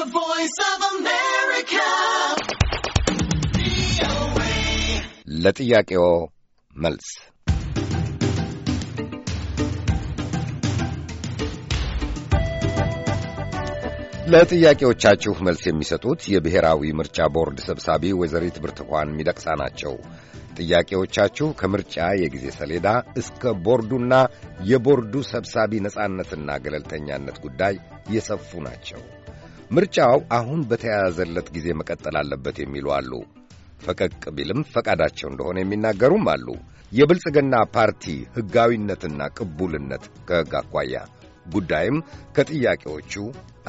The Voice of America. ለጥያቄዎ መልስ ለጥያቄዎቻችሁ መልስ የሚሰጡት የብሔራዊ ምርጫ ቦርድ ሰብሳቢ ወይዘሪት ብርቱካን ሚደቅሳ ናቸው። ጥያቄዎቻችሁ ከምርጫ የጊዜ ሰሌዳ እስከ ቦርዱና የቦርዱ ሰብሳቢ ነጻነትና ገለልተኛነት ጉዳይ የሰፉ ናቸው። ምርጫው አሁን በተያያዘለት ጊዜ መቀጠል አለበት የሚሉ አሉ። ፈቀቅ ቢልም ፈቃዳቸው እንደሆነ የሚናገሩም አሉ። የብልጽግና ፓርቲ ሕጋዊነትና ቅቡልነት ከሕግ አኳያ ጉዳይም ከጥያቄዎቹ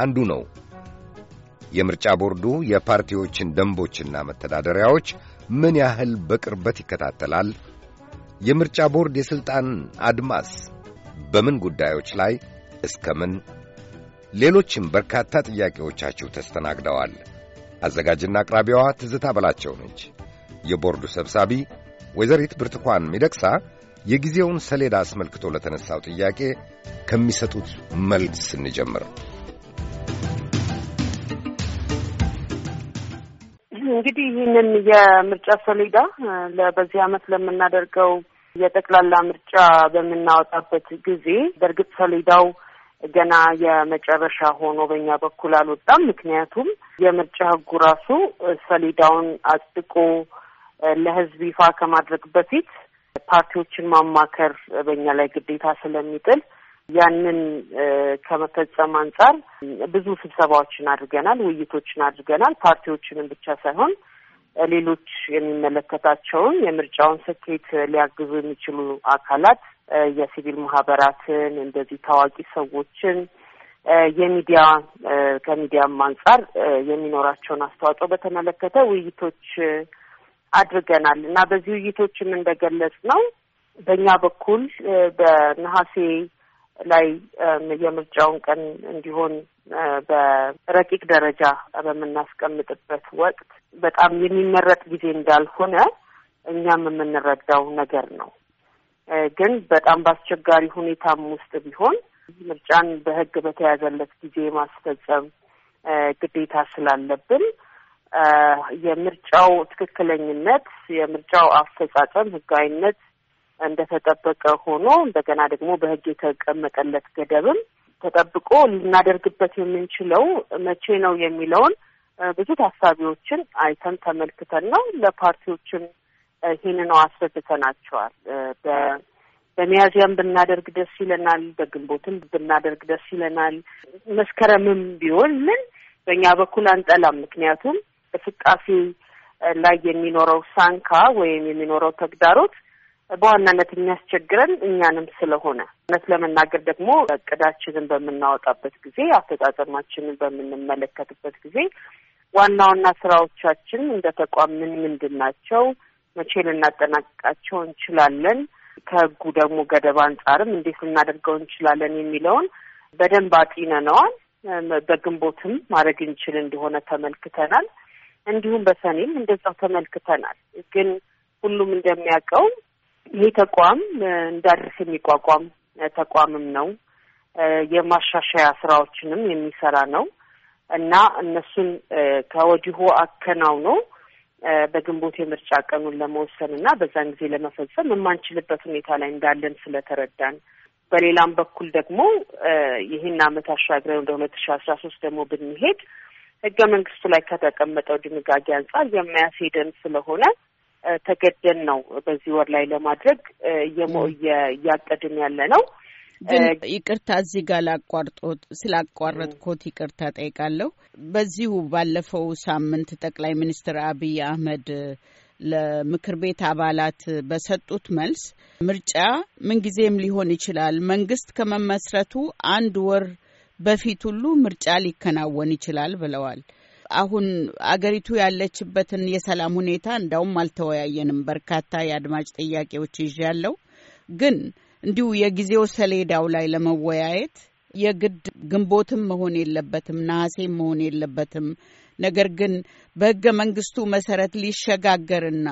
አንዱ ነው። የምርጫ ቦርዱ የፓርቲዎችን ደንቦችና መተዳደሪያዎች ምን ያህል በቅርበት ይከታተላል? የምርጫ ቦርድ የሥልጣን አድማስ በምን ጉዳዮች ላይ እስከ ምን ሌሎችም በርካታ ጥያቄዎቻችሁ ተስተናግደዋል። አዘጋጅና አቅራቢዋ ትዝታ በላቸው ነች። የቦርዱ ሰብሳቢ ወይዘሪት ብርቱካን ሚደቅሳ የጊዜውን ሰሌዳ አስመልክቶ ለተነሳው ጥያቄ ከሚሰጡት መልስ ስንጀምር እንግዲህ ይህንን የምርጫ ሰሌዳ በዚህ ዓመት ለምናደርገው የጠቅላላ ምርጫ በምናወጣበት ጊዜ በእርግጥ ሰሌዳው ገና የመጨረሻ ሆኖ በእኛ በኩል አልወጣም። ምክንያቱም የምርጫ ህጉ ራሱ ሰሌዳውን አጽድቆ ለህዝብ ይፋ ከማድረግ በፊት ፓርቲዎችን ማማከር በእኛ ላይ ግዴታ ስለሚጥል ያንን ከመፈጸም አንጻር ብዙ ስብሰባዎችን አድርገናል፣ ውይይቶችን አድርገናል። ፓርቲዎችንም ብቻ ሳይሆን ሌሎች የሚመለከታቸውን የምርጫውን ስኬት ሊያግዙ የሚችሉ አካላት የሲቪል ማህበራትን እንደዚህ ታዋቂ ሰዎችን የሚዲያ ከሚዲያም አንጻር የሚኖራቸውን አስተዋጽኦ በተመለከተ ውይይቶች አድርገናል እና በዚህ ውይይቶችም እንደገለጽ ነው በእኛ በኩል በነሐሴ ላይ የምርጫውን ቀን እንዲሆን በረቂቅ ደረጃ በምናስቀምጥበት ወቅት በጣም የሚመረጥ ጊዜ እንዳልሆነ እኛም የምንረዳው ነገር ነው። ግን በጣም በአስቸጋሪ ሁኔታም ውስጥ ቢሆን ምርጫን በህግ በተያዘለት ጊዜ ማስፈጸም ግዴታ ስላለብን የምርጫው ትክክለኝነት፣ የምርጫው አፈጻጸም ህጋዊነት እንደተጠበቀ ሆኖ እንደገና ደግሞ በህግ የተቀመጠለት ገደብም ተጠብቆ ልናደርግበት የምንችለው መቼ ነው የሚለውን ብዙ ታሳቢዎችን አይተን ተመልክተን ነው ለፓርቲዎችን ይህንኑ አስረድተናቸዋል። በሚያዚያም ብናደርግ ደስ ይለናል፣ በግንቦትም ብናደርግ ደስ ይለናል። መስከረምም ቢሆን ምን በእኛ በኩል አንጠላም። ምክንያቱም በስቃሴ ላይ የሚኖረው ሳንካ ወይም የሚኖረው ተግዳሮት በዋናነት የሚያስቸግረን እኛንም ስለሆነ እውነት ለመናገር ደግሞ እቅዳችንን በምናወጣበት ጊዜ አፈጻጸማችንን በምንመለከትበት ጊዜ ዋና ዋና ስራዎቻችን እንደ ተቋም ምን ምንድን ናቸው? መቼ ልናጠናቅቃቸው እንችላለን፣ ከህጉ ደግሞ ገደብ አንጻርም እንዴት ልናደርገው እንችላለን የሚለውን በደንብ አጢነነዋል። በግንቦትም ማድረግ እንችል እንደሆነ ተመልክተናል። እንዲሁም በሰኔም እንደዛው ተመልክተናል። ግን ሁሉም እንደሚያውቀው ይሄ ተቋም እንደ የሚቋቋም ተቋምም ነው። የማሻሻያ ስራዎችንም የሚሰራ ነው እና እነሱን ከወዲሁ አከናውኖ በግንቦት የምርጫ ቀኑን ለመወሰን እና በዛን ጊዜ ለመፈጸም የማንችልበት ሁኔታ ላይ እንዳለን ስለተረዳን በሌላም በኩል ደግሞ ይህን አመት አሻግረን ወደ ሁለት ሺ አስራ ሶስት ደግሞ ብንሄድ ህገ መንግስቱ ላይ ከተቀመጠው ድንጋጌ አንጻር የሚያስሄደን ስለሆነ ተገደን ነው በዚህ ወር ላይ ለማድረግ እያቀድን ያለ ነው። ግን ይቅርታ እዚህ ጋር ላቋርጦት ስላቋረጥኮት ይቅርታ ጠይቃለሁ። በዚሁ ባለፈው ሳምንት ጠቅላይ ሚኒስትር አብይ አህመድ ለምክር ቤት አባላት በሰጡት መልስ ምርጫ ምንጊዜም ሊሆን ይችላል፣ መንግስት ከመመስረቱ አንድ ወር በፊት ሁሉ ምርጫ ሊከናወን ይችላል ብለዋል። አሁን አገሪቱ ያለችበትን የሰላም ሁኔታ እንዳውም አልተወያየንም። በርካታ የአድማጭ ጥያቄዎች ይዣ ያለው ግን እንዲሁ የጊዜው ሰሌዳው ላይ ለመወያየት የግድ ግንቦትም መሆን የለበትም፣ ነሐሴም መሆን የለበትም። ነገር ግን በህገ መንግስቱ መሰረት ሊሸጋገርና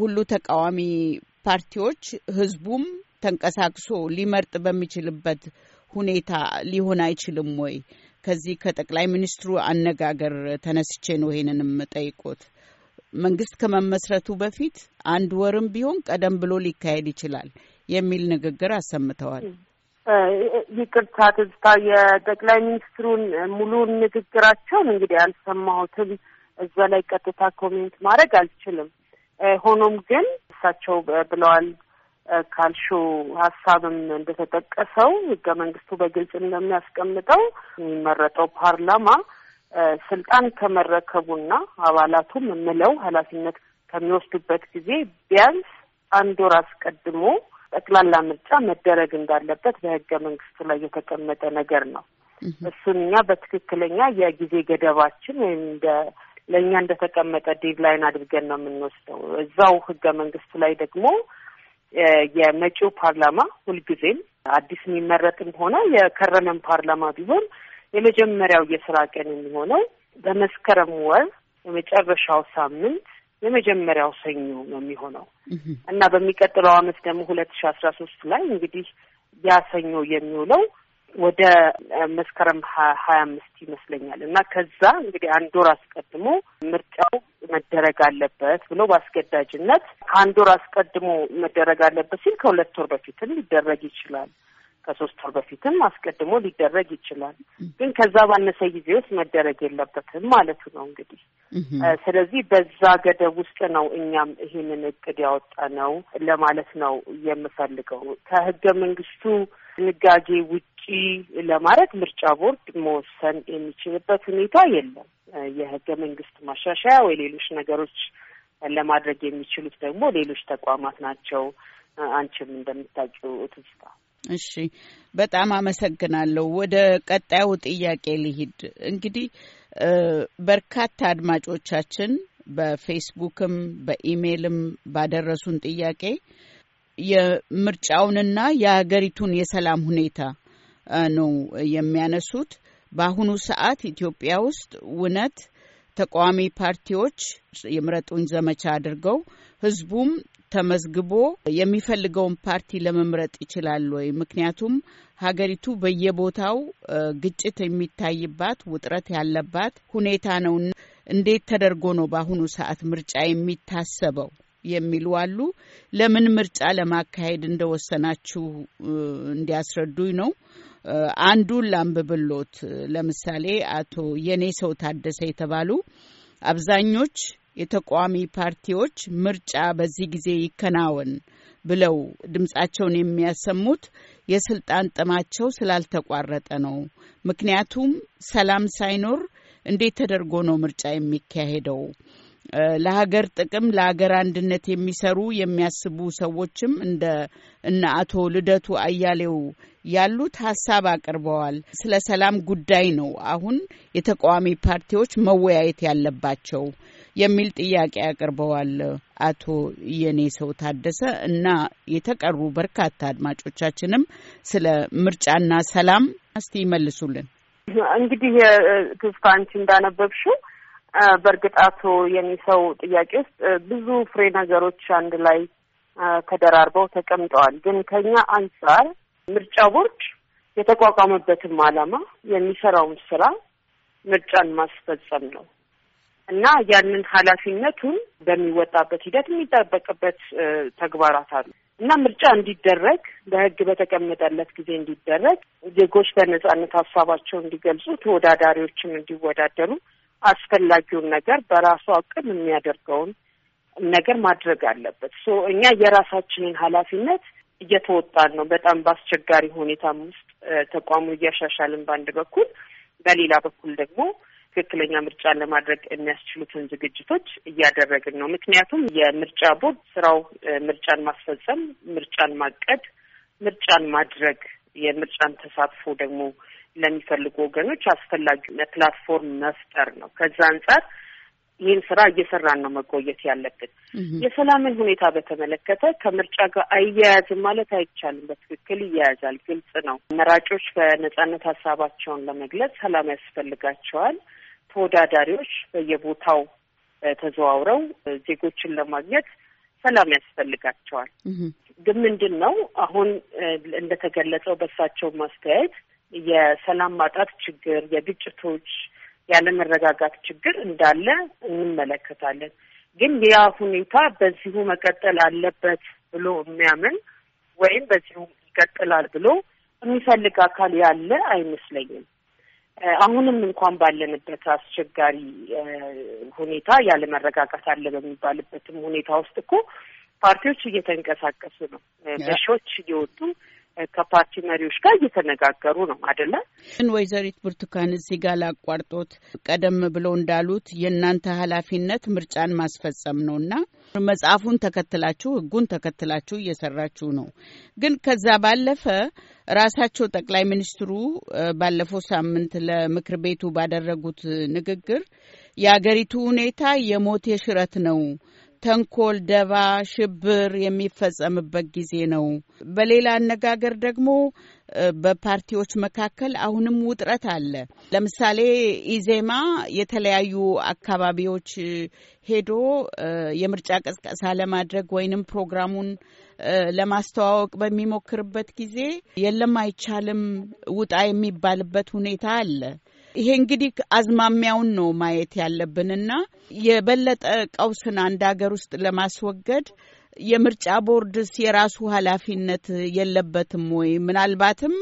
ሁሉ ተቃዋሚ ፓርቲዎች ህዝቡም ተንቀሳቅሶ ሊመርጥ በሚችልበት ሁኔታ ሊሆን አይችልም ወይ? ከዚህ ከጠቅላይ ሚኒስትሩ አነጋገር ተነስቼ ነው ይሄንንም ጠይቆት። መንግስት ከመመስረቱ በፊት አንድ ወርም ቢሆን ቀደም ብሎ ሊካሄድ ይችላል። የሚል ንግግር አሰምተዋል። ይቅርታ ትዝታ፣ የጠቅላይ ሚኒስትሩን ሙሉን ንግግራቸውን እንግዲህ አልሰማሁትም። እዛ ላይ ቀጥታ ኮሜንት ማድረግ አልችልም። ሆኖም ግን እሳቸው ብለዋል ካልሹ ሀሳብም እንደተጠቀሰው ህገ መንግስቱ በግልጽ እንደሚያስቀምጠው የሚመረጠው ፓርላማ ስልጣን ከመረከቡና አባላቱም የምለው ኃላፊነት ከሚወስዱበት ጊዜ ቢያንስ አንድ ወር አስቀድሞ ጠቅላላ ምርጫ መደረግ እንዳለበት በህገ መንግስቱ ላይ የተቀመጠ ነገር ነው። እሱን እኛ በትክክለኛ የጊዜ ገደባችን ወይም እንደ ለእኛ እንደተቀመጠ ዴድላይን አድርገን ነው የምንወስደው። እዛው ህገ መንግስቱ ላይ ደግሞ የመጪው ፓርላማ ሁልጊዜም አዲስ የሚመረጥም ሆነ የከረመም ፓርላማ ቢሆን የመጀመሪያው የስራ ቀን የሚሆነው በመስከረም ወር የመጨረሻው ሳምንት የመጀመሪያው ሰኞ ነው የሚሆነው እና በሚቀጥለው አመት ደግሞ ሁለት ሺ አስራ ሶስት ላይ እንግዲህ ያ ሰኞ የሚውለው ወደ መስከረም ሀያ አምስት ይመስለኛል እና ከዛ እንግዲህ አንድ ወር አስቀድሞ ምርጫው መደረግ አለበት ብሎ በአስገዳጅነት ከአንድ ወር አስቀድሞ መደረግ አለበት ሲል ከሁለት ወር በፊትም ሊደረግ ይችላል። ከሶስት ወር በፊትም አስቀድሞ ሊደረግ ይችላል። ግን ከዛ ባነሰ ጊዜ ውስጥ መደረግ የለበትም ማለቱ ነው እንግዲህ። ስለዚህ በዛ ገደብ ውስጥ ነው እኛም ይህንን እቅድ ያወጣ ነው ለማለት ነው የምፈልገው። ከህገ መንግስቱ ድንጋጌ ውጪ ለማድረግ ምርጫ ቦርድ መወሰን የሚችልበት ሁኔታ የለም። የህገ መንግስት ማሻሻያ ወይ ሌሎች ነገሮች ለማድረግ የሚችሉት ደግሞ ሌሎች ተቋማት ናቸው። አንቺም እንደምታውቂው ትዝታ እሺ በጣም አመሰግናለሁ። ወደ ቀጣዩ ጥያቄ ልሂድ። እንግዲህ በርካታ አድማጮቻችን በፌስቡክም በኢሜይልም ባደረሱን ጥያቄ የምርጫውንና የሀገሪቱን የሰላም ሁኔታ ነው የሚያነሱት። በአሁኑ ሰዓት ኢትዮጵያ ውስጥ እውነት ተቃዋሚ ፓርቲዎች የምረጡኝ ዘመቻ አድርገው ህዝቡም ተመዝግቦ የሚፈልገውን ፓርቲ ለመምረጥ ይችላል ወይ? ምክንያቱም ሀገሪቱ በየቦታው ግጭት የሚታይባት ውጥረት ያለባት ሁኔታ ነው። እንዴት ተደርጎ ነው በአሁኑ ሰዓት ምርጫ የሚታሰበው የሚሉ አሉ። ለምን ምርጫ ለማካሄድ እንደወሰናችሁ እንዲያስረዱኝ ነው። አንዱን ላንብብሎት። ለምሳሌ አቶ የኔ ሰው ታደሰ የተባሉ አብዛኞች የተቃዋሚ ፓርቲዎች ምርጫ በዚህ ጊዜ ይከናወን ብለው ድምፃቸውን የሚያሰሙት የስልጣን ጥማቸው ስላልተቋረጠ ነው። ምክንያቱም ሰላም ሳይኖር እንዴት ተደርጎ ነው ምርጫ የሚካሄደው? ለሀገር ጥቅም ለሀገር አንድነት የሚሰሩ የሚያስቡ ሰዎችም እንደ እነ አቶ ልደቱ አያሌው ያሉት ሀሳብ አቅርበዋል። ስለ ሰላም ጉዳይ ነው አሁን የተቃዋሚ ፓርቲዎች መወያየት ያለባቸው። የሚል ጥያቄ አቅርበዋል አቶ የኔ ሰው ታደሰ እና የተቀሩ በርካታ አድማጮቻችንም ስለ ምርጫና ሰላም እስቲ ይመልሱልን። እንግዲህ ትዝታ አንቺ እንዳነበብሽው በእርግጥ አቶ የኔ ሰው ጥያቄ ውስጥ ብዙ ፍሬ ነገሮች አንድ ላይ ተደራርበው ተቀምጠዋል። ግን ከኛ አንጻር ምርጫ ቦርድ የተቋቋመበትም ዓላማ የሚሰራውም ስራ ምርጫን ማስፈጸም ነው። እና ያንን ኃላፊነቱን በሚወጣበት ሂደት የሚጠበቅበት ተግባራት አሉ እና ምርጫ እንዲደረግ በህግ በተቀመጠለት ጊዜ እንዲደረግ ዜጎች በነጻነት ሀሳባቸው እንዲገልጹ ተወዳዳሪዎችም እንዲወዳደሩ አስፈላጊውን ነገር በራሱ አቅም የሚያደርገውን ነገር ማድረግ አለበት። ሶ እኛ የራሳችንን ኃላፊነት እየተወጣን ነው። በጣም በአስቸጋሪ ሁኔታም ውስጥ ተቋሙ እያሻሻልን በአንድ በኩል፣ በሌላ በኩል ደግሞ ትክክለኛ ምርጫ ለማድረግ የሚያስችሉትን ዝግጅቶች እያደረግን ነው። ምክንያቱም የምርጫ ቦርድ ስራው ምርጫን ማስፈጸም፣ ምርጫን ማቀድ፣ ምርጫን ማድረግ የምርጫን ተሳትፎ ደግሞ ለሚፈልጉ ወገኖች አስፈላጊ ፕላትፎርም መፍጠር ነው። ከዛ አንጻር ይህን ስራ እየሰራን ነው መቆየት ያለብን። የሰላምን ሁኔታ በተመለከተ ከምርጫ ጋር አያያዝም ማለት አይቻልም። በትክክል ይያያዛል፣ ግልጽ ነው። መራጮች በነጻነት ሀሳባቸውን ለመግለጽ ሰላም ያስፈልጋቸዋል። ተወዳዳሪዎች በየቦታው ተዘዋውረው ዜጎችን ለማግኘት ሰላም ያስፈልጋቸዋል። ግን ምንድን ነው አሁን እንደተገለጸው በእሳቸው ማስተያየት የሰላም ማጣት ችግር፣ የግጭቶች ያለመረጋጋት ችግር እንዳለ እንመለከታለን። ግን ያ ሁኔታ በዚሁ መቀጠል አለበት ብሎ የሚያምን ወይም በዚሁ ይቀጥላል ብሎ የሚፈልግ አካል ያለ አይመስለኝም። አሁንም እንኳን ባለንበት አስቸጋሪ ሁኔታ ያለ መረጋጋት አለ በሚባልበትም ሁኔታ ውስጥ እኮ ፓርቲዎች እየተንቀሳቀሱ ነው። በሺዎች እየወጡ ከፓርቲ መሪዎች ጋር እየተነጋገሩ ነው አይደለ? ወይዘሪት ብርቱካን እዚህ ጋር ላቋርጦት፣ ቀደም ብሎ እንዳሉት የእናንተ ኃላፊነት ምርጫን ማስፈጸም ነው እና መጽሐፉን ተከትላችሁ ህጉን ተከትላችሁ እየሰራችሁ ነው። ግን ከዛ ባለፈ ራሳቸው ጠቅላይ ሚኒስትሩ ባለፈው ሳምንት ለምክር ቤቱ ባደረጉት ንግግር የአገሪቱ ሁኔታ የሞት የሽረት ነው ተንኮል፣ ደባ፣ ሽብር የሚፈጸምበት ጊዜ ነው። በሌላ አነጋገር ደግሞ በፓርቲዎች መካከል አሁንም ውጥረት አለ። ለምሳሌ ኢዜማ የተለያዩ አካባቢዎች ሄዶ የምርጫ ቀስቀሳ ለማድረግ ወይንም ፕሮግራሙን ለማስተዋወቅ በሚሞክርበት ጊዜ የለም አይቻልም ውጣ የሚባልበት ሁኔታ አለ። ይሄ እንግዲህ አዝማሚያውን ነው ማየት ያለብንና የበለጠ ቀውስን አንድ ሀገር ውስጥ ለማስወገድ የምርጫ ቦርድስ የራሱ ኃላፊነት የለበትም ወይ? ምናልባትም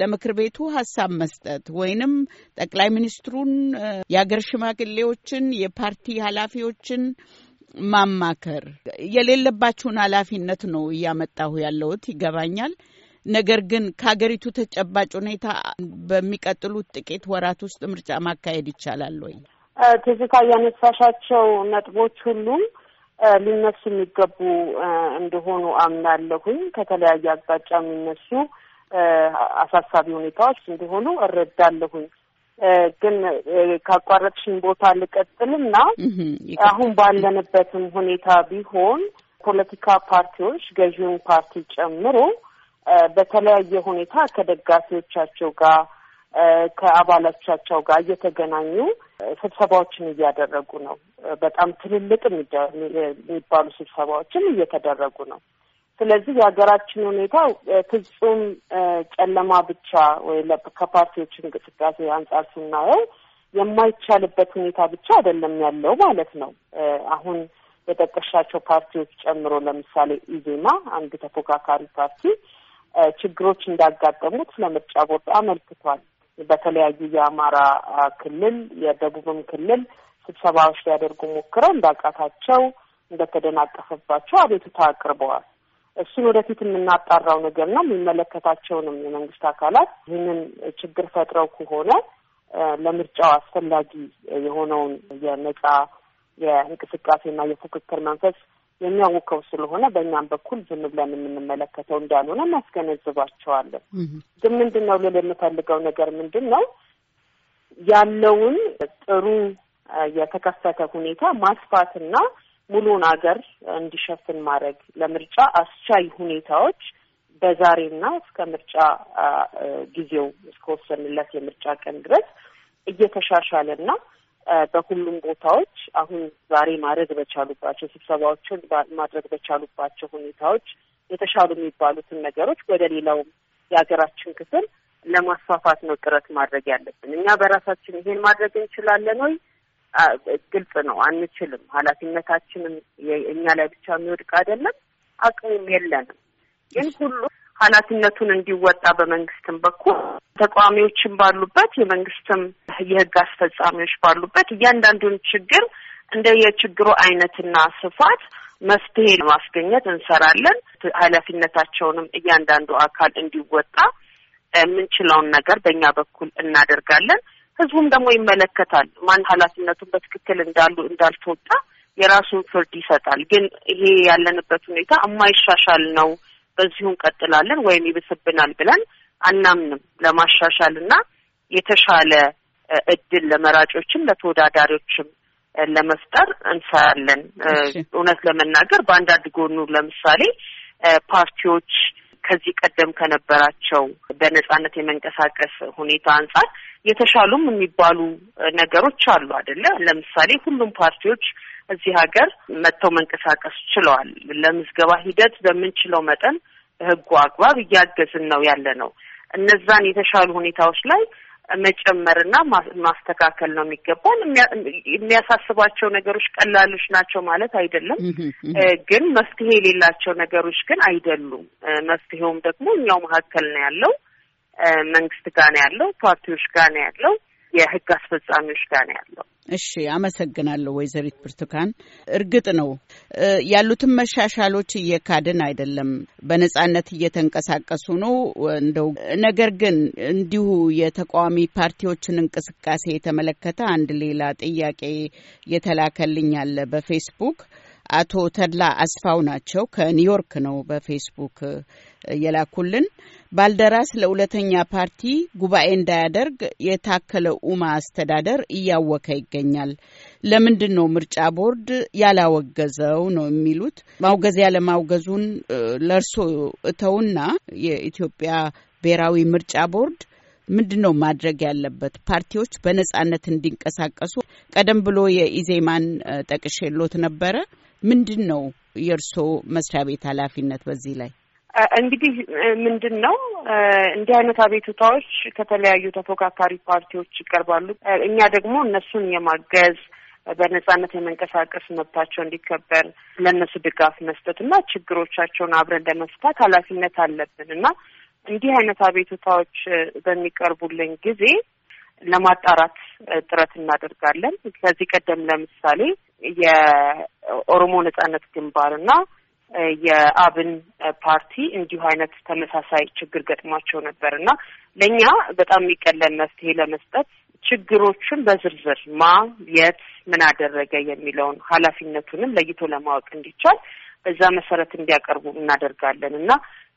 ለምክር ቤቱ ሀሳብ መስጠት ወይንም ጠቅላይ ሚኒስትሩን፣ የአገር ሽማግሌዎችን፣ የፓርቲ ኃላፊዎችን ማማከር የሌለባችሁን ኃላፊነት ነው እያመጣሁ ያለሁት ይገባኛል። ነገር ግን ከሀገሪቱ ተጨባጭ ሁኔታ በሚቀጥሉት ጥቂት ወራት ውስጥ ምርጫ ማካሄድ ይቻላል ወይ? ትዝታ እያነሳሻቸው ነጥቦች ሁሉም ሊነሱ የሚገቡ እንደሆኑ አምናለሁኝ። ከተለያየ አቅጣጫ የሚነሱ አሳሳቢ ሁኔታዎች እንደሆኑ እረዳለሁኝ። ግን ካቋረጥሽን ቦታ ልቀጥልና አሁን ባለንበትም ሁኔታ ቢሆን ፖለቲካ ፓርቲዎች ገዢውን ፓርቲ ጨምሮ በተለያየ ሁኔታ ከደጋፊዎቻቸው ጋር ከአባሎቻቸው ጋር እየተገናኙ ስብሰባዎችን እያደረጉ ነው። በጣም ትልልቅ የሚባሉ ስብሰባዎችን እየተደረጉ ነው። ስለዚህ የሀገራችን ሁኔታ ፍጹም ጨለማ ብቻ ወይ ከፓርቲዎች እንቅስቃሴ አንጻር ስናየው የማይቻልበት ሁኔታ ብቻ አይደለም ያለው ማለት ነው። አሁን የጠቀሻቸው ፓርቲዎች ጨምሮ ለምሳሌ ኢዜማ አንድ ተፎካካሪ ፓርቲ ችግሮች እንዳጋጠሙት ለምርጫ ቦርድ አመልክቷል። በተለያዩ የአማራ ክልል የደቡብም ክልል ስብሰባዎች ሊያደርጉ ሞክረው እንዳቃታቸው እንደተደናቀፈባቸው አቤቱታ አቅርበዋል። እሱን ወደፊት የምናጣራው ነገር ነው። የሚመለከታቸውንም የመንግስት አካላት ይህንን ችግር ፈጥረው ከሆነ ለምርጫው አስፈላጊ የሆነውን የነጻ የእንቅስቃሴና የፉክክር መንፈስ የሚያውከው ስለሆነ በእኛም በኩል ዝም ብለን የምንመለከተው እንዳልሆነ እናስገነዝባቸዋለን። ግን ምንድን ነው ልል የምፈልገው ነገር ምንድን ነው ያለውን ጥሩ የተከፈተ ሁኔታ ማስፋትና ሙሉን አገር እንዲሸፍን ማድረግ ለምርጫ አስቻይ ሁኔታዎች በዛሬና እስከ ምርጫ ጊዜው እስከወሰንለት የምርጫ ቀን ድረስ እየተሻሻለና በሁሉም ቦታዎች አሁን ዛሬ ማድረግ በቻሉባቸው ስብሰባዎችን ማድረግ በቻሉባቸው ሁኔታዎች የተሻሉ የሚባሉትን ነገሮች ወደ ሌላውም የሀገራችን ክፍል ለማስፋፋት ነው ጥረት ማድረግ ያለብን። እኛ በራሳችን ይሄን ማድረግ እንችላለን ወይ? ግልጽ ነው፣ አንችልም። ኃላፊነታችንም እኛ ላይ ብቻ የሚወድቅ አይደለም፣ አቅሙም የለንም። ግን ሁሉ ኃላፊነቱን እንዲወጣ በመንግስትም በኩል ተቃዋሚዎችም ባሉበት የመንግስትም የህግ አስፈጻሚዎች ባሉበት እያንዳንዱን ችግር እንደ የችግሩ አይነትና ስፋት መፍትሄ ለማስገኘት እንሰራለን። ኃላፊነታቸውንም እያንዳንዱ አካል እንዲወጣ የምንችለውን ነገር በእኛ በኩል እናደርጋለን። ህዝቡም ደግሞ ይመለከታል። ማን ኃላፊነቱን በትክክል እንዳሉ እንዳልተወጣ የራሱን ፍርድ ይሰጣል። ግን ይሄ ያለንበት ሁኔታ የማይሻሻል ነው በዚሁ እንቀጥላለን ወይም ይብስብናል ብለን አናምንም። ለማሻሻል እና የተሻለ እድል ለመራጮችም ለተወዳዳሪዎችም ለመፍጠር እንሰራለን። እውነት ለመናገር በአንዳንድ ጎኑ ለምሳሌ ፓርቲዎች ከዚህ ቀደም ከነበራቸው በነጻነት የመንቀሳቀስ ሁኔታ አንጻር የተሻሉም የሚባሉ ነገሮች አሉ አይደለ? ለምሳሌ ሁሉም ፓርቲዎች እዚህ ሀገር መጥተው መንቀሳቀስ ችለዋል። ለምዝገባ ሂደት በምንችለው መጠን ህጉ አግባብ እያገዝን ነው ያለ ነው። እነዛን የተሻሉ ሁኔታዎች ላይ መጨመርና ማስተካከል ነው የሚገባን። የሚያሳስባቸው ነገሮች ቀላሎች ናቸው ማለት አይደለም፣ ግን መፍትሄ የሌላቸው ነገሮች ግን አይደሉም። መፍትሄውም ደግሞ እኛው መካከል ነው ያለው፣ መንግስት ጋር ነው ያለው፣ ፓርቲዎች ጋር ነው ያለው የህግ አስፈጻሚዎች ጋር ነው ያለው። እሺ፣ አመሰግናለሁ ወይዘሪት ብርቱካን። እርግጥ ነው ያሉትን መሻሻሎች እየካድን አይደለም፣ በነጻነት እየተንቀሳቀሱ ነው እንደው ነገር ግን እንዲሁ የተቃዋሚ ፓርቲዎችን እንቅስቃሴ የተመለከተ አንድ ሌላ ጥያቄ የተላከልኝ አለ በፌስቡክ አቶ ተድላ አስፋው ናቸው ከኒውዮርክ ነው በፌስቡክ የላኩልን። ባልደራስ ለሁለተኛ ፓርቲ ጉባኤ እንዳያደርግ የታከለ ኡማ አስተዳደር እያወከ ይገኛል። ለምንድን ነው ምርጫ ቦርድ ያላወገዘው ነው የሚሉት። ማውገዝ ያለማውገዙን ለእርሶ እተውና የኢትዮጵያ ብሔራዊ ምርጫ ቦርድ ምንድን ነው ማድረግ ያለበት? ፓርቲዎች በነጻነት እንዲንቀሳቀሱ ቀደም ብሎ የኢዜማን ጠቅሼሎት ነበረ። ምንድን ነው የእርስዎ መስሪያ ቤት ኃላፊነት በዚህ ላይ? እንግዲህ ምንድን ነው እንዲህ አይነት አቤቱታዎች ከተለያዩ ተፎካካሪ ፓርቲዎች ይቀርባሉ። እኛ ደግሞ እነሱን የማገዝ በነጻነት የመንቀሳቀስ መብታቸው እንዲከበር ለእነሱ ድጋፍ መስጠት እና ችግሮቻቸውን አብረን ለመፍታት ኃላፊነት አለብን እና እንዲህ አይነት አቤቱታዎች በሚቀርቡልን ጊዜ ለማጣራት ጥረት እናደርጋለን። ከዚህ ቀደም ለምሳሌ የኦሮሞ ነጻነት ግንባር እና የአብን ፓርቲ እንዲሁ አይነት ተመሳሳይ ችግር ገጥሟቸው ነበር እና ለእኛ በጣም የሚቀለን መፍትሄ ለመስጠት ችግሮቹን በዝርዝር ማ የት ምን አደረገ የሚለውን ኃላፊነቱንም ለይቶ ለማወቅ እንዲቻል በዛ መሰረት እንዲያቀርቡ እናደርጋለን እና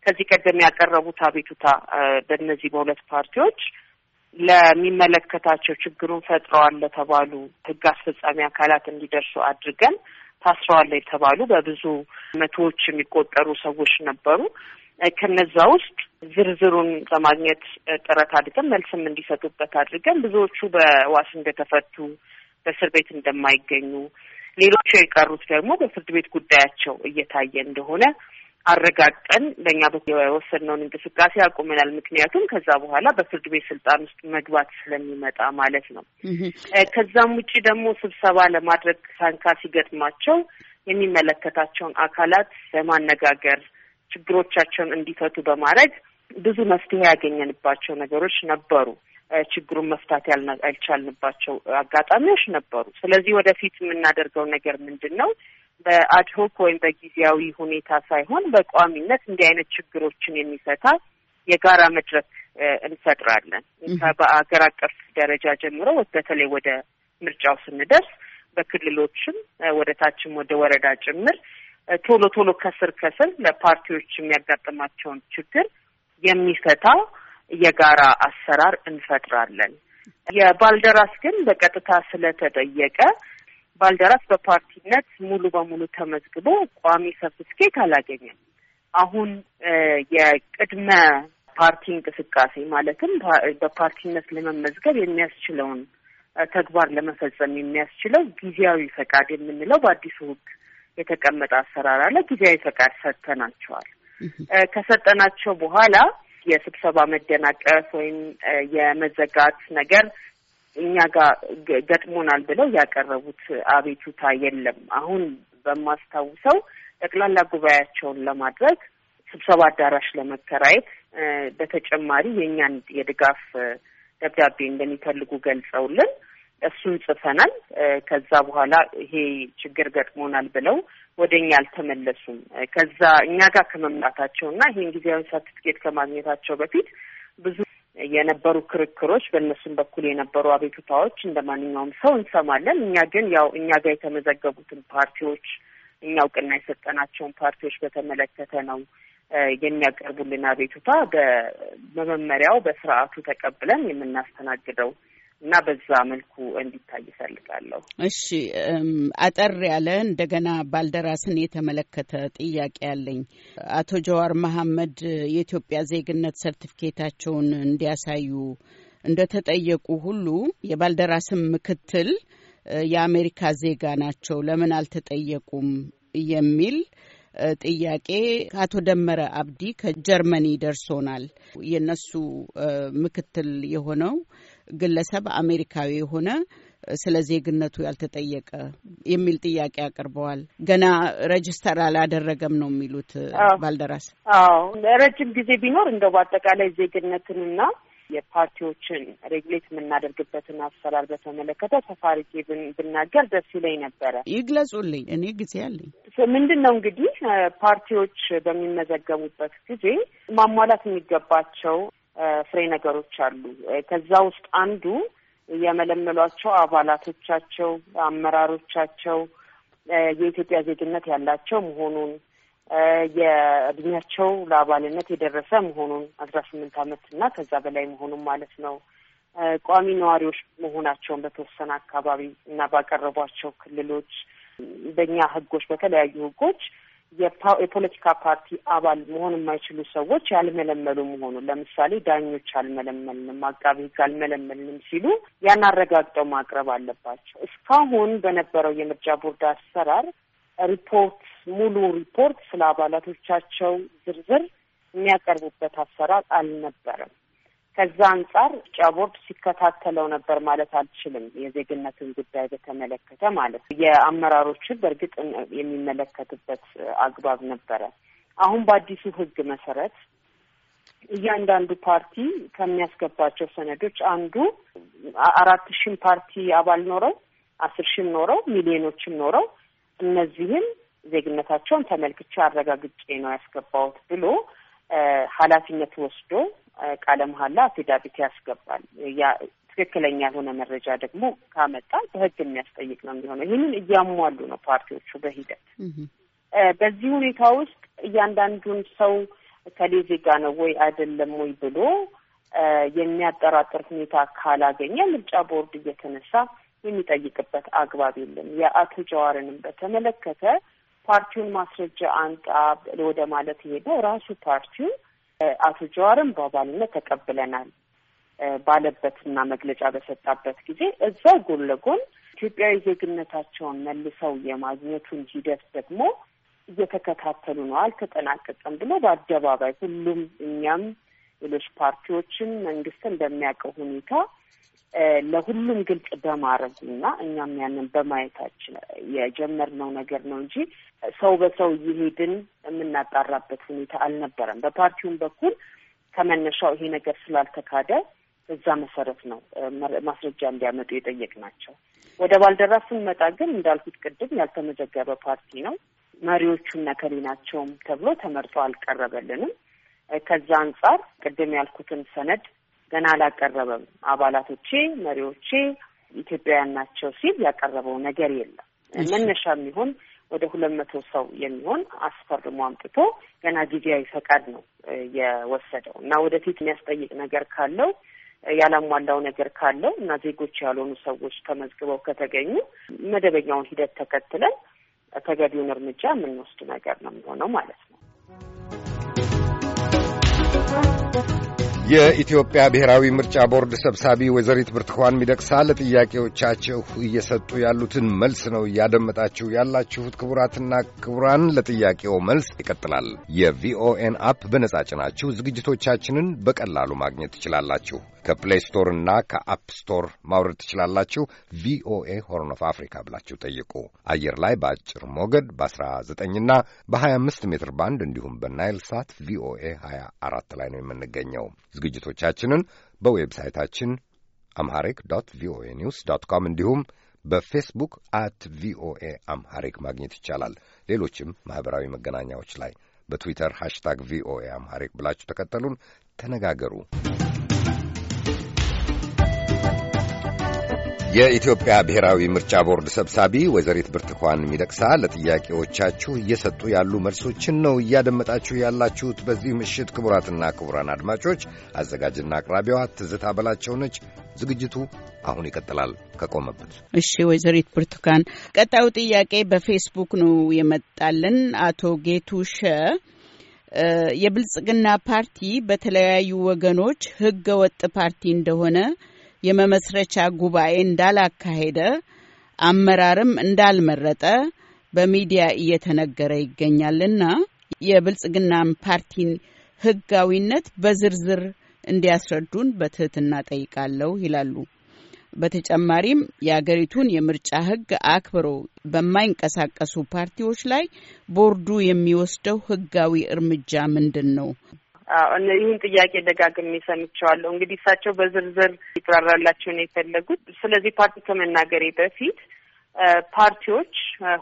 ከዚህ ቀደም ያቀረቡት አቤቱታ በእነዚህ በሁለት ፓርቲዎች ለሚመለከታቸው ችግሩን ፈጥረዋል ለተባሉ ሕግ አስፈጻሚ አካላት እንዲደርሱ አድርገን ታስረዋል የተባሉ በብዙ መቶዎች የሚቆጠሩ ሰዎች ነበሩ። ከነዛ ውስጥ ዝርዝሩን ለማግኘት ጥረት አድርገን መልስም እንዲሰጡበት አድርገን ብዙዎቹ በዋስ እንደተፈቱ፣ በእስር ቤት እንደማይገኙ፣ ሌሎቹ የቀሩት ደግሞ በፍርድ ቤት ጉዳያቸው እየታየ እንደሆነ አረጋግጠን በእኛ የወሰድነውን እንቅስቃሴ አቁመናል። ምክንያቱም ከዛ በኋላ በፍርድ ቤት ስልጣን ውስጥ መግባት ስለሚመጣ ማለት ነው። ከዛም ውጭ ደግሞ ስብሰባ ለማድረግ ሳንካ ሲገጥማቸው የሚመለከታቸውን አካላት በማነጋገር ችግሮቻቸውን እንዲፈቱ በማድረግ ብዙ መፍትሄ ያገኘንባቸው ነገሮች ነበሩ። ችግሩን መፍታት ያልቻልንባቸው አጋጣሚዎች ነበሩ። ስለዚህ ወደፊት የምናደርገው ነገር ምንድን ነው? በአድሆክ ወይም በጊዜያዊ ሁኔታ ሳይሆን በቋሚነት እንዲህ አይነት ችግሮችን የሚፈታ የጋራ መድረክ እንፈጥራለን። በአገር አቀፍ ደረጃ ጀምሮ በተለይ ወደ ምርጫው ስንደርስ በክልሎችም ወደ ታችም ወደ ወረዳ ጭምር ቶሎ ቶሎ ከስር ከስር ለፓርቲዎች የሚያጋጥማቸውን ችግር የሚፈታ የጋራ አሰራር እንፈጥራለን። የባልደራስ ግን በቀጥታ ስለተጠየቀ ባልደራስ በፓርቲነት ሙሉ በሙሉ ተመዝግቦ ቋሚ ሰርቲፊኬት አላገኘም። አሁን የቅድመ ፓርቲ እንቅስቃሴ ማለትም በፓርቲነት ለመመዝገብ የሚያስችለውን ተግባር ለመፈጸም የሚያስችለው ጊዜያዊ ፈቃድ የምንለው በአዲሱ ሕግ የተቀመጠ አሰራር አለ። ጊዜያዊ ፈቃድ ሰጥተናቸዋል። ከሰጠናቸው በኋላ የስብሰባ መደናቀፍ ወይም የመዘጋት ነገር እኛ ጋር ገጥሞናል ብለው ያቀረቡት አቤቱታ የለም። አሁን በማስታውሰው ጠቅላላ ጉባኤያቸውን ለማድረግ ስብሰባ አዳራሽ ለመከራየት በተጨማሪ የእኛን የድጋፍ ደብዳቤ እንደሚፈልጉ ገልጸውልን እሱን ጽፈናል። ከዛ በኋላ ይሄ ችግር ገጥሞናል ብለው ወደ እኛ አልተመለሱም። ከዛ እኛ ጋር ከመምጣታቸው እና ይሄን ጊዜያዊ ሰርቲፊኬት ከማግኘታቸው በፊት ብዙ የነበሩ ክርክሮች፣ በእነሱም በኩል የነበሩ አቤቱታዎች እንደ ማንኛውም ሰው እንሰማለን። እኛ ግን ያው እኛ ጋር የተመዘገቡትን ፓርቲዎች እኛ እውቅና የሰጠናቸውን ፓርቲዎች በተመለከተ ነው የሚያቀርቡልን አቤቱታ በመመሪያው በስርዓቱ ተቀብለን የምናስተናግደው እና በዛ መልኩ እንዲታይ ይፈልጋለሁ። እሺ፣ አጠር ያለ እንደገና ባልደራስን የተመለከተ ጥያቄ አለኝ። አቶ ጀዋር መሐመድ የኢትዮጵያ ዜግነት ሰርቲፊኬታቸውን እንዲያሳዩ እንደተጠየቁ ሁሉ የባልደራስን ምክትል የአሜሪካ ዜጋ ናቸው፣ ለምን አልተጠየቁም የሚል ጥያቄ ከአቶ ደመረ አብዲ ከጀርመኒ ደርሶናል። የነሱ ምክትል የሆነው ግለሰብ አሜሪካዊ የሆነ ስለ ዜግነቱ ያልተጠየቀ የሚል ጥያቄ አቅርበዋል። ገና ረጅስተር አላደረገም ነው የሚሉት ባልደራስ። አዎ ለረጅም ጊዜ ቢኖር እንደው በአጠቃላይ ዜግነትንና የፓርቲዎችን ሬግሌት የምናደርግበትን አሰራር በተመለከተ ሰፋ ብናገር ደስ ይለኝ ነበረ። ይግለጹልኝ፣ እኔ ጊዜ አለኝ። ምንድን ነው እንግዲህ ፓርቲዎች በሚመዘገቡበት ጊዜ ማሟላት የሚገባቸው ፍሬ ነገሮች አሉ። ከዛ ውስጥ አንዱ የመለመሏቸው አባላቶቻቸው፣ አመራሮቻቸው የኢትዮጵያ ዜግነት ያላቸው መሆኑን የእድሜያቸው ለአባልነት የደረሰ መሆኑን አስራ ስምንት ዓመት እና ከዛ በላይ መሆኑን ማለት ነው። ቋሚ ነዋሪዎች መሆናቸውን በተወሰነ አካባቢ እና ባቀረቧቸው ክልሎች በእኛ ህጎች፣ በተለያዩ ህጎች የፖለቲካ ፓርቲ አባል መሆን የማይችሉ ሰዎች ያልመለመሉ መሆኑን ለምሳሌ ዳኞች አልመለመልንም፣ አቃቢ ሕግ አልመለመልንም ሲሉ ያን አረጋግጠው ማቅረብ አለባቸው። እስካሁን በነበረው የምርጫ ቦርድ አሰራር ሪፖርት ሙሉ ሪፖርት ስለ አባላቶቻቸው ዝርዝር የሚያቀርቡበት አሰራር አልነበረም። ከዛ አንጻር ምርጫ ቦርድ ሲከታተለው ነበር ማለት አልችልም። የዜግነትን ጉዳይ በተመለከተ ማለት የአመራሮችን በእርግጥ የሚመለከትበት አግባብ ነበረ። አሁን በአዲሱ ህግ መሰረት እያንዳንዱ ፓርቲ ከሚያስገባቸው ሰነዶች አንዱ አራት ሺህም ፓርቲ አባል ኖረው አስር ሺህም ኖረው ሚሊዮኖችም ኖረው እነዚህም ዜግነታቸውን ተመልክቼ አረጋግጬ ነው ያስገባሁት ብሎ ኃላፊነት ወስዶ ቃለ መሀላ አፊዳቢት ያስገባል። ያ ትክክለኛ ያልሆነ መረጃ ደግሞ ካመጣ በህግ የሚያስጠይቅ ነው የሚሆነው። ይህንን እያሟሉ ነው ፓርቲዎቹ በሂደት በዚህ ሁኔታ ውስጥ እያንዳንዱን ሰው ከሌ ዜጋ ነው ወይ አይደለም ወይ ብሎ የሚያጠራጥር ሁኔታ ካላገኘ ምርጫ ቦርድ እየተነሳ የሚጠይቅበት አግባብ የለም። የአቶ ጀዋርንም በተመለከተ ፓርቲውን ማስረጃ አንጣ ወደ ማለት የሄደው ራሱ ፓርቲው አቶ ጀዋርን በአባልነት ተቀብለናል ባለበትና መግለጫ በሰጣበት ጊዜ እዛ ጎን ለጎን ኢትዮጵያዊ ዜግነታቸውን መልሰው የማግኘቱን ሂደት ደግሞ እየተከታተሉ ነው፣ አልተጠናቀቀም ብሎ በአደባባይ ሁሉም እኛም ሌሎች ፓርቲዎችም መንግስትን በሚያውቀው ሁኔታ ለሁሉም ግልጽ እና እኛም ያንን በማየታችን የጀመርነው ነገር ነው እንጂ ሰው በሰው እየሄድን የምናጣራበት ሁኔታ አልነበረም። በፓርቲውም በኩል ከመነሻው ይሄ ነገር ስላልተካደ በዛ መሰረት ነው ማስረጃ እንዲያመጡ የጠየቅናቸው። ወደ ባልደራ ስንመጣ ግን እንዳልኩት ቅድም ያልተመዘገበ ፓርቲ ነው። መሪዎቹና ናቸውም ተብሎ ተመርጦ አልቀረበልንም። ከዛ አንጻር ቅድም ያልኩትን ሰነድ ገና አላቀረበም። አባላቶቼ፣ መሪዎቼ ኢትዮጵያውያን ናቸው ሲል ያቀረበው ነገር የለም። መነሻ የሚሆን ወደ ሁለት መቶ ሰው የሚሆን አስፈርሞ አምጥቶ ገና ጊዜያዊ ፈቃድ ነው የወሰደው እና ወደፊት የሚያስጠይቅ ነገር ካለው ያላሟላው ነገር ካለው እና ዜጎች ያልሆኑ ሰዎች ተመዝግበው ከተገኙ መደበኛውን ሂደት ተከትለን ተገቢውን እርምጃ የምንወስድ ነገር ነው የሚሆነው ማለት ነው። የኢትዮጵያ ብሔራዊ ምርጫ ቦርድ ሰብሳቢ ወይዘሪት ብርቱካን ሚደቅሳ ለጥያቄዎቻችሁ እየሰጡ ያሉትን መልስ ነው እያደመጣችሁ ያላችሁት። ክቡራትና ክቡራን፣ ለጥያቄው መልስ ይቀጥላል። የቪኦኤን አፕ በነጻ ጭናችሁ ዝግጅቶቻችንን በቀላሉ ማግኘት ትችላላችሁ። ከፕሌይ ስቶር እና ከአፕ ስቶር ማውረድ ትችላላችሁ። ቪኦኤ ሆርን ኦፍ አፍሪካ ብላችሁ ጠይቁ። አየር ላይ በአጭር ሞገድ በ19 እና በ25 ሜትር ባንድ እንዲሁም በናይል ሳት ቪኦኤ 24 ላይ ነው የምንገኘው። ዝግጅቶቻችንን በዌብሳይታችን አምሃሪክ ዶት ቪኦኤ ኒውስ ዶት ኮም እንዲሁም በፌስቡክ አት ቪኦኤ አምሃሪክ ማግኘት ይቻላል። ሌሎችም ማኅበራዊ መገናኛዎች ላይ በትዊተር ሃሽታግ ቪኦኤ አምሃሪክ ብላችሁ ተከተሉን፣ ተነጋገሩ። የኢትዮጵያ ብሔራዊ ምርጫ ቦርድ ሰብሳቢ ወይዘሪት ብርቱካን ሚደቅሳ ለጥያቄዎቻችሁ እየሰጡ ያሉ መልሶችን ነው እያደመጣችሁ ያላችሁት። በዚህ ምሽት ክቡራትና ክቡራን አድማጮች አዘጋጅና አቅራቢዋ ትዝታ በላቸው ነች። ዝግጅቱ አሁን ይቀጥላል ከቆመበት። እሺ ወይዘሪት ብርቱካን፣ ቀጣዩ ጥያቄ በፌስቡክ ነው የመጣልን አቶ ጌቱ ሸ የብልጽግና ፓርቲ በተለያዩ ወገኖች ህገ ወጥ ፓርቲ እንደሆነ የመመስረቻ ጉባኤ እንዳላካሄደ አመራርም እንዳልመረጠ በሚዲያ እየተነገረ ይገኛልና የብልጽግናን ፓርቲን ህጋዊነት በዝርዝር እንዲያስረዱን በትህትና ጠይቃለሁ ይላሉ። በተጨማሪም የአገሪቱን የምርጫ ህግ አክብሮ በማይንቀሳቀሱ ፓርቲዎች ላይ ቦርዱ የሚወስደው ህጋዊ እርምጃ ምንድን ነው? ይህን ጥያቄ ደጋግሜ ሰምቸዋለሁ። እንግዲህ እሳቸው በዝርዝር ይብራራላቸው ነው የፈለጉት። ስለዚህ ፓርቲ ከመናገሬ በፊት ፓርቲዎች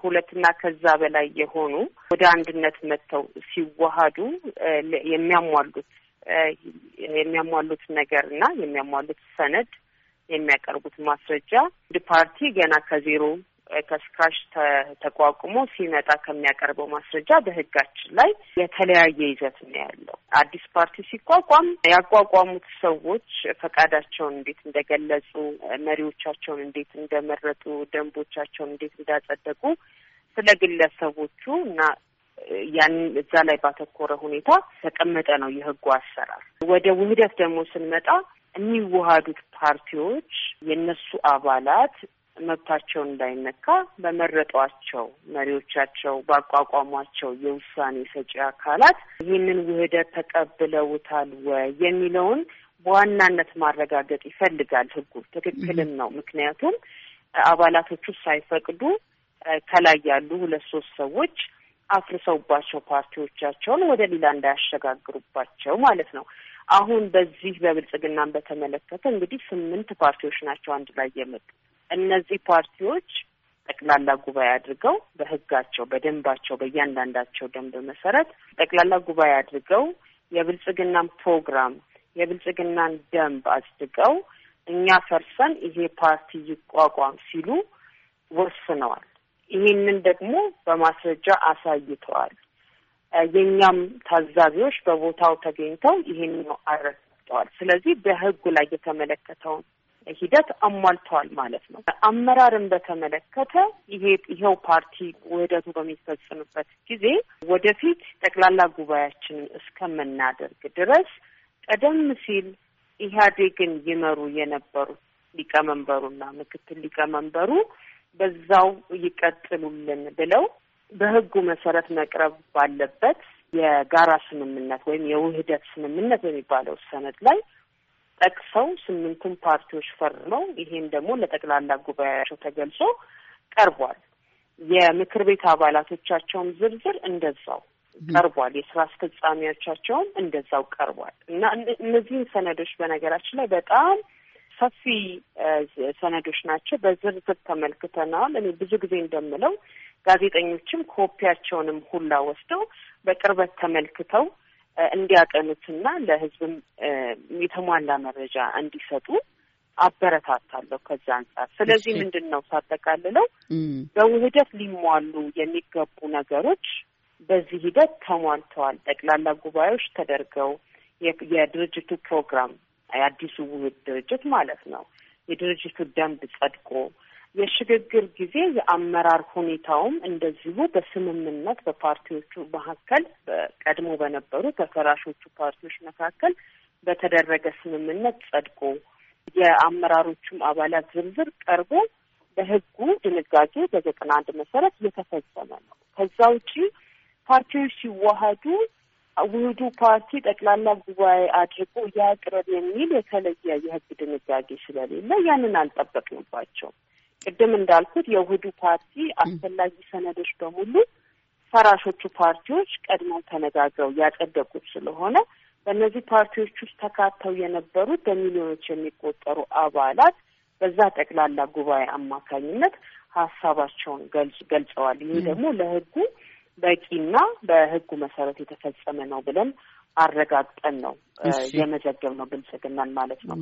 ሁለትና ከዛ በላይ የሆኑ ወደ አንድነት መጥተው ሲዋሃዱ የሚያሟሉት የሚያሟሉት ነገር እና የሚያሟሉት ሰነድ የሚያቀርቡት ማስረጃ አንድ ፓርቲ ገና ከዜሮ ከስካሽ ተቋቁሞ ሲመጣ ከሚያቀርበው ማስረጃ በህጋችን ላይ የተለያየ ይዘት ነው ያለው። አዲስ ፓርቲ ሲቋቋም ያቋቋሙት ሰዎች ፈቃዳቸውን እንዴት እንደገለጹ፣ መሪዎቻቸውን እንዴት እንደመረጡ፣ ደንቦቻቸውን እንዴት እንዳጸደቁ ስለ ግለሰቦቹ እና ያን እዛ ላይ ባተኮረ ሁኔታ ተቀመጠ ነው የህጉ አሰራር። ወደ ውህደት ደግሞ ስንመጣ የሚዋሃዱት ፓርቲዎች የእነሱ አባላት መብታቸው እንዳይነካ በመረጧቸው መሪዎቻቸው ባቋቋሟቸው የውሳኔ ሰጪ አካላት ይህንን ውህደት ተቀብለውታል ወይ የሚለውን በዋናነት ማረጋገጥ ይፈልጋል። ህጉ ትክክልም ነው። ምክንያቱም አባላቶቹ ሳይፈቅዱ ከላይ ያሉ ሁለት ሶስት ሰዎች አፍርሰውባቸው ፓርቲዎቻቸውን ወደ ሌላ እንዳያሸጋግሩባቸው ማለት ነው። አሁን በዚህ በብልጽግናን በተመለከተ እንግዲህ ስምንት ፓርቲዎች ናቸው አንድ ላይ የመጡት እነዚህ ፓርቲዎች ጠቅላላ ጉባኤ አድርገው በህጋቸው፣ በደንባቸው፣ በእያንዳንዳቸው ደንብ መሰረት ጠቅላላ ጉባኤ አድርገው የብልጽግናን ፕሮግራም የብልጽግናን ደንብ አጽድቀው እኛ ፈርሰን ይሄ ፓርቲ ይቋቋም ሲሉ ወስነዋል። ይህንን ደግሞ በማስረጃ አሳይተዋል። የእኛም ታዛቢዎች በቦታው ተገኝተው ይህን አረጋግጠዋል። ስለዚህ በህጉ ላይ የተመለከተውን ሂደት አሟልተዋል ማለት ነው። አመራርን በተመለከተ ይሄ ይኸው ፓርቲ ውህደቱ በሚፈጽምበት ጊዜ ወደፊት ጠቅላላ ጉባኤያችንን እስከምናደርግ ድረስ ቀደም ሲል ኢህአዴግን ይመሩ የነበሩ ሊቀመንበሩና ምክትል ሊቀመንበሩ በዛው ይቀጥሉልን ብለው በህጉ መሰረት መቅረብ ባለበት የጋራ ስምምነት ወይም የውህደት ስምምነት በሚባለው ሰነድ ላይ ጠቅሰው ስምንቱም ፓርቲዎች ፈርመው ይሄም ደግሞ ለጠቅላላ ጉባኤያቸው ተገልጾ ቀርቧል። የምክር ቤት አባላቶቻቸውም ዝርዝር እንደዛው ቀርቧል። የስራ አስፈጻሚዎቻቸውም እንደዛው ቀርቧል እና እነዚህን ሰነዶች በነገራችን ላይ በጣም ሰፊ ሰነዶች ናቸው። በዝርዝር ተመልክተናል። እኔ ብዙ ጊዜ እንደምለው ጋዜጠኞችም ኮፒያቸውንም ሁላ ወስደው በቅርበት ተመልክተው እንዲያቀኑትና ለህዝብም የተሟላ መረጃ እንዲሰጡ አበረታታለሁ ከዛ አንጻር። ስለዚህ ምንድን ነው ሳጠቃልለው በውህደት ሊሟሉ የሚገቡ ነገሮች በዚህ ሂደት ተሟልተዋል። ጠቅላላ ጉባኤዎች ተደርገው የድርጅቱ ፕሮግራም የአዲሱ ውህድ ድርጅት ማለት ነው የድርጅቱ ደንብ ጸድቆ የሽግግር ጊዜ የአመራር ሁኔታውም እንደዚሁ በስምምነት በፓርቲዎቹ መካከል ቀድሞ በነበሩ ተፈራሾቹ ፓርቲዎች መካከል በተደረገ ስምምነት ጸድቆ የአመራሮቹም አባላት ዝርዝር ቀርቦ በህጉ ድንጋጌ በዘጠና አንድ መሰረት እየተፈጸመ ነው። ከዛ ውጪ ፓርቲዎች ሲዋሀዱ ውህዱ ፓርቲ ጠቅላላ ጉባኤ አድርጎ ያቅርብ የሚል የተለየ የህግ ድንጋጌ ስለሌለ ያንን አልጠበቅንባቸውም። ቅድም እንዳልኩት የውህዱ ፓርቲ አስፈላጊ ሰነዶች በሙሉ ፈራሾቹ ፓርቲዎች ቀድመው ተነጋግረው ያጸደቁት ስለሆነ በእነዚህ ፓርቲዎች ውስጥ ተካተው የነበሩት በሚሊዮኖች የሚቆጠሩ አባላት በዛ ጠቅላላ ጉባኤ አማካኝነት ሀሳባቸውን ገልጸዋል። ይህ ደግሞ ለህጉ በቂና በህጉ መሰረት የተፈጸመ ነው ብለን አረጋግጠን ነው የመዘገብ ነው ብልጽግናን ማለት ነው።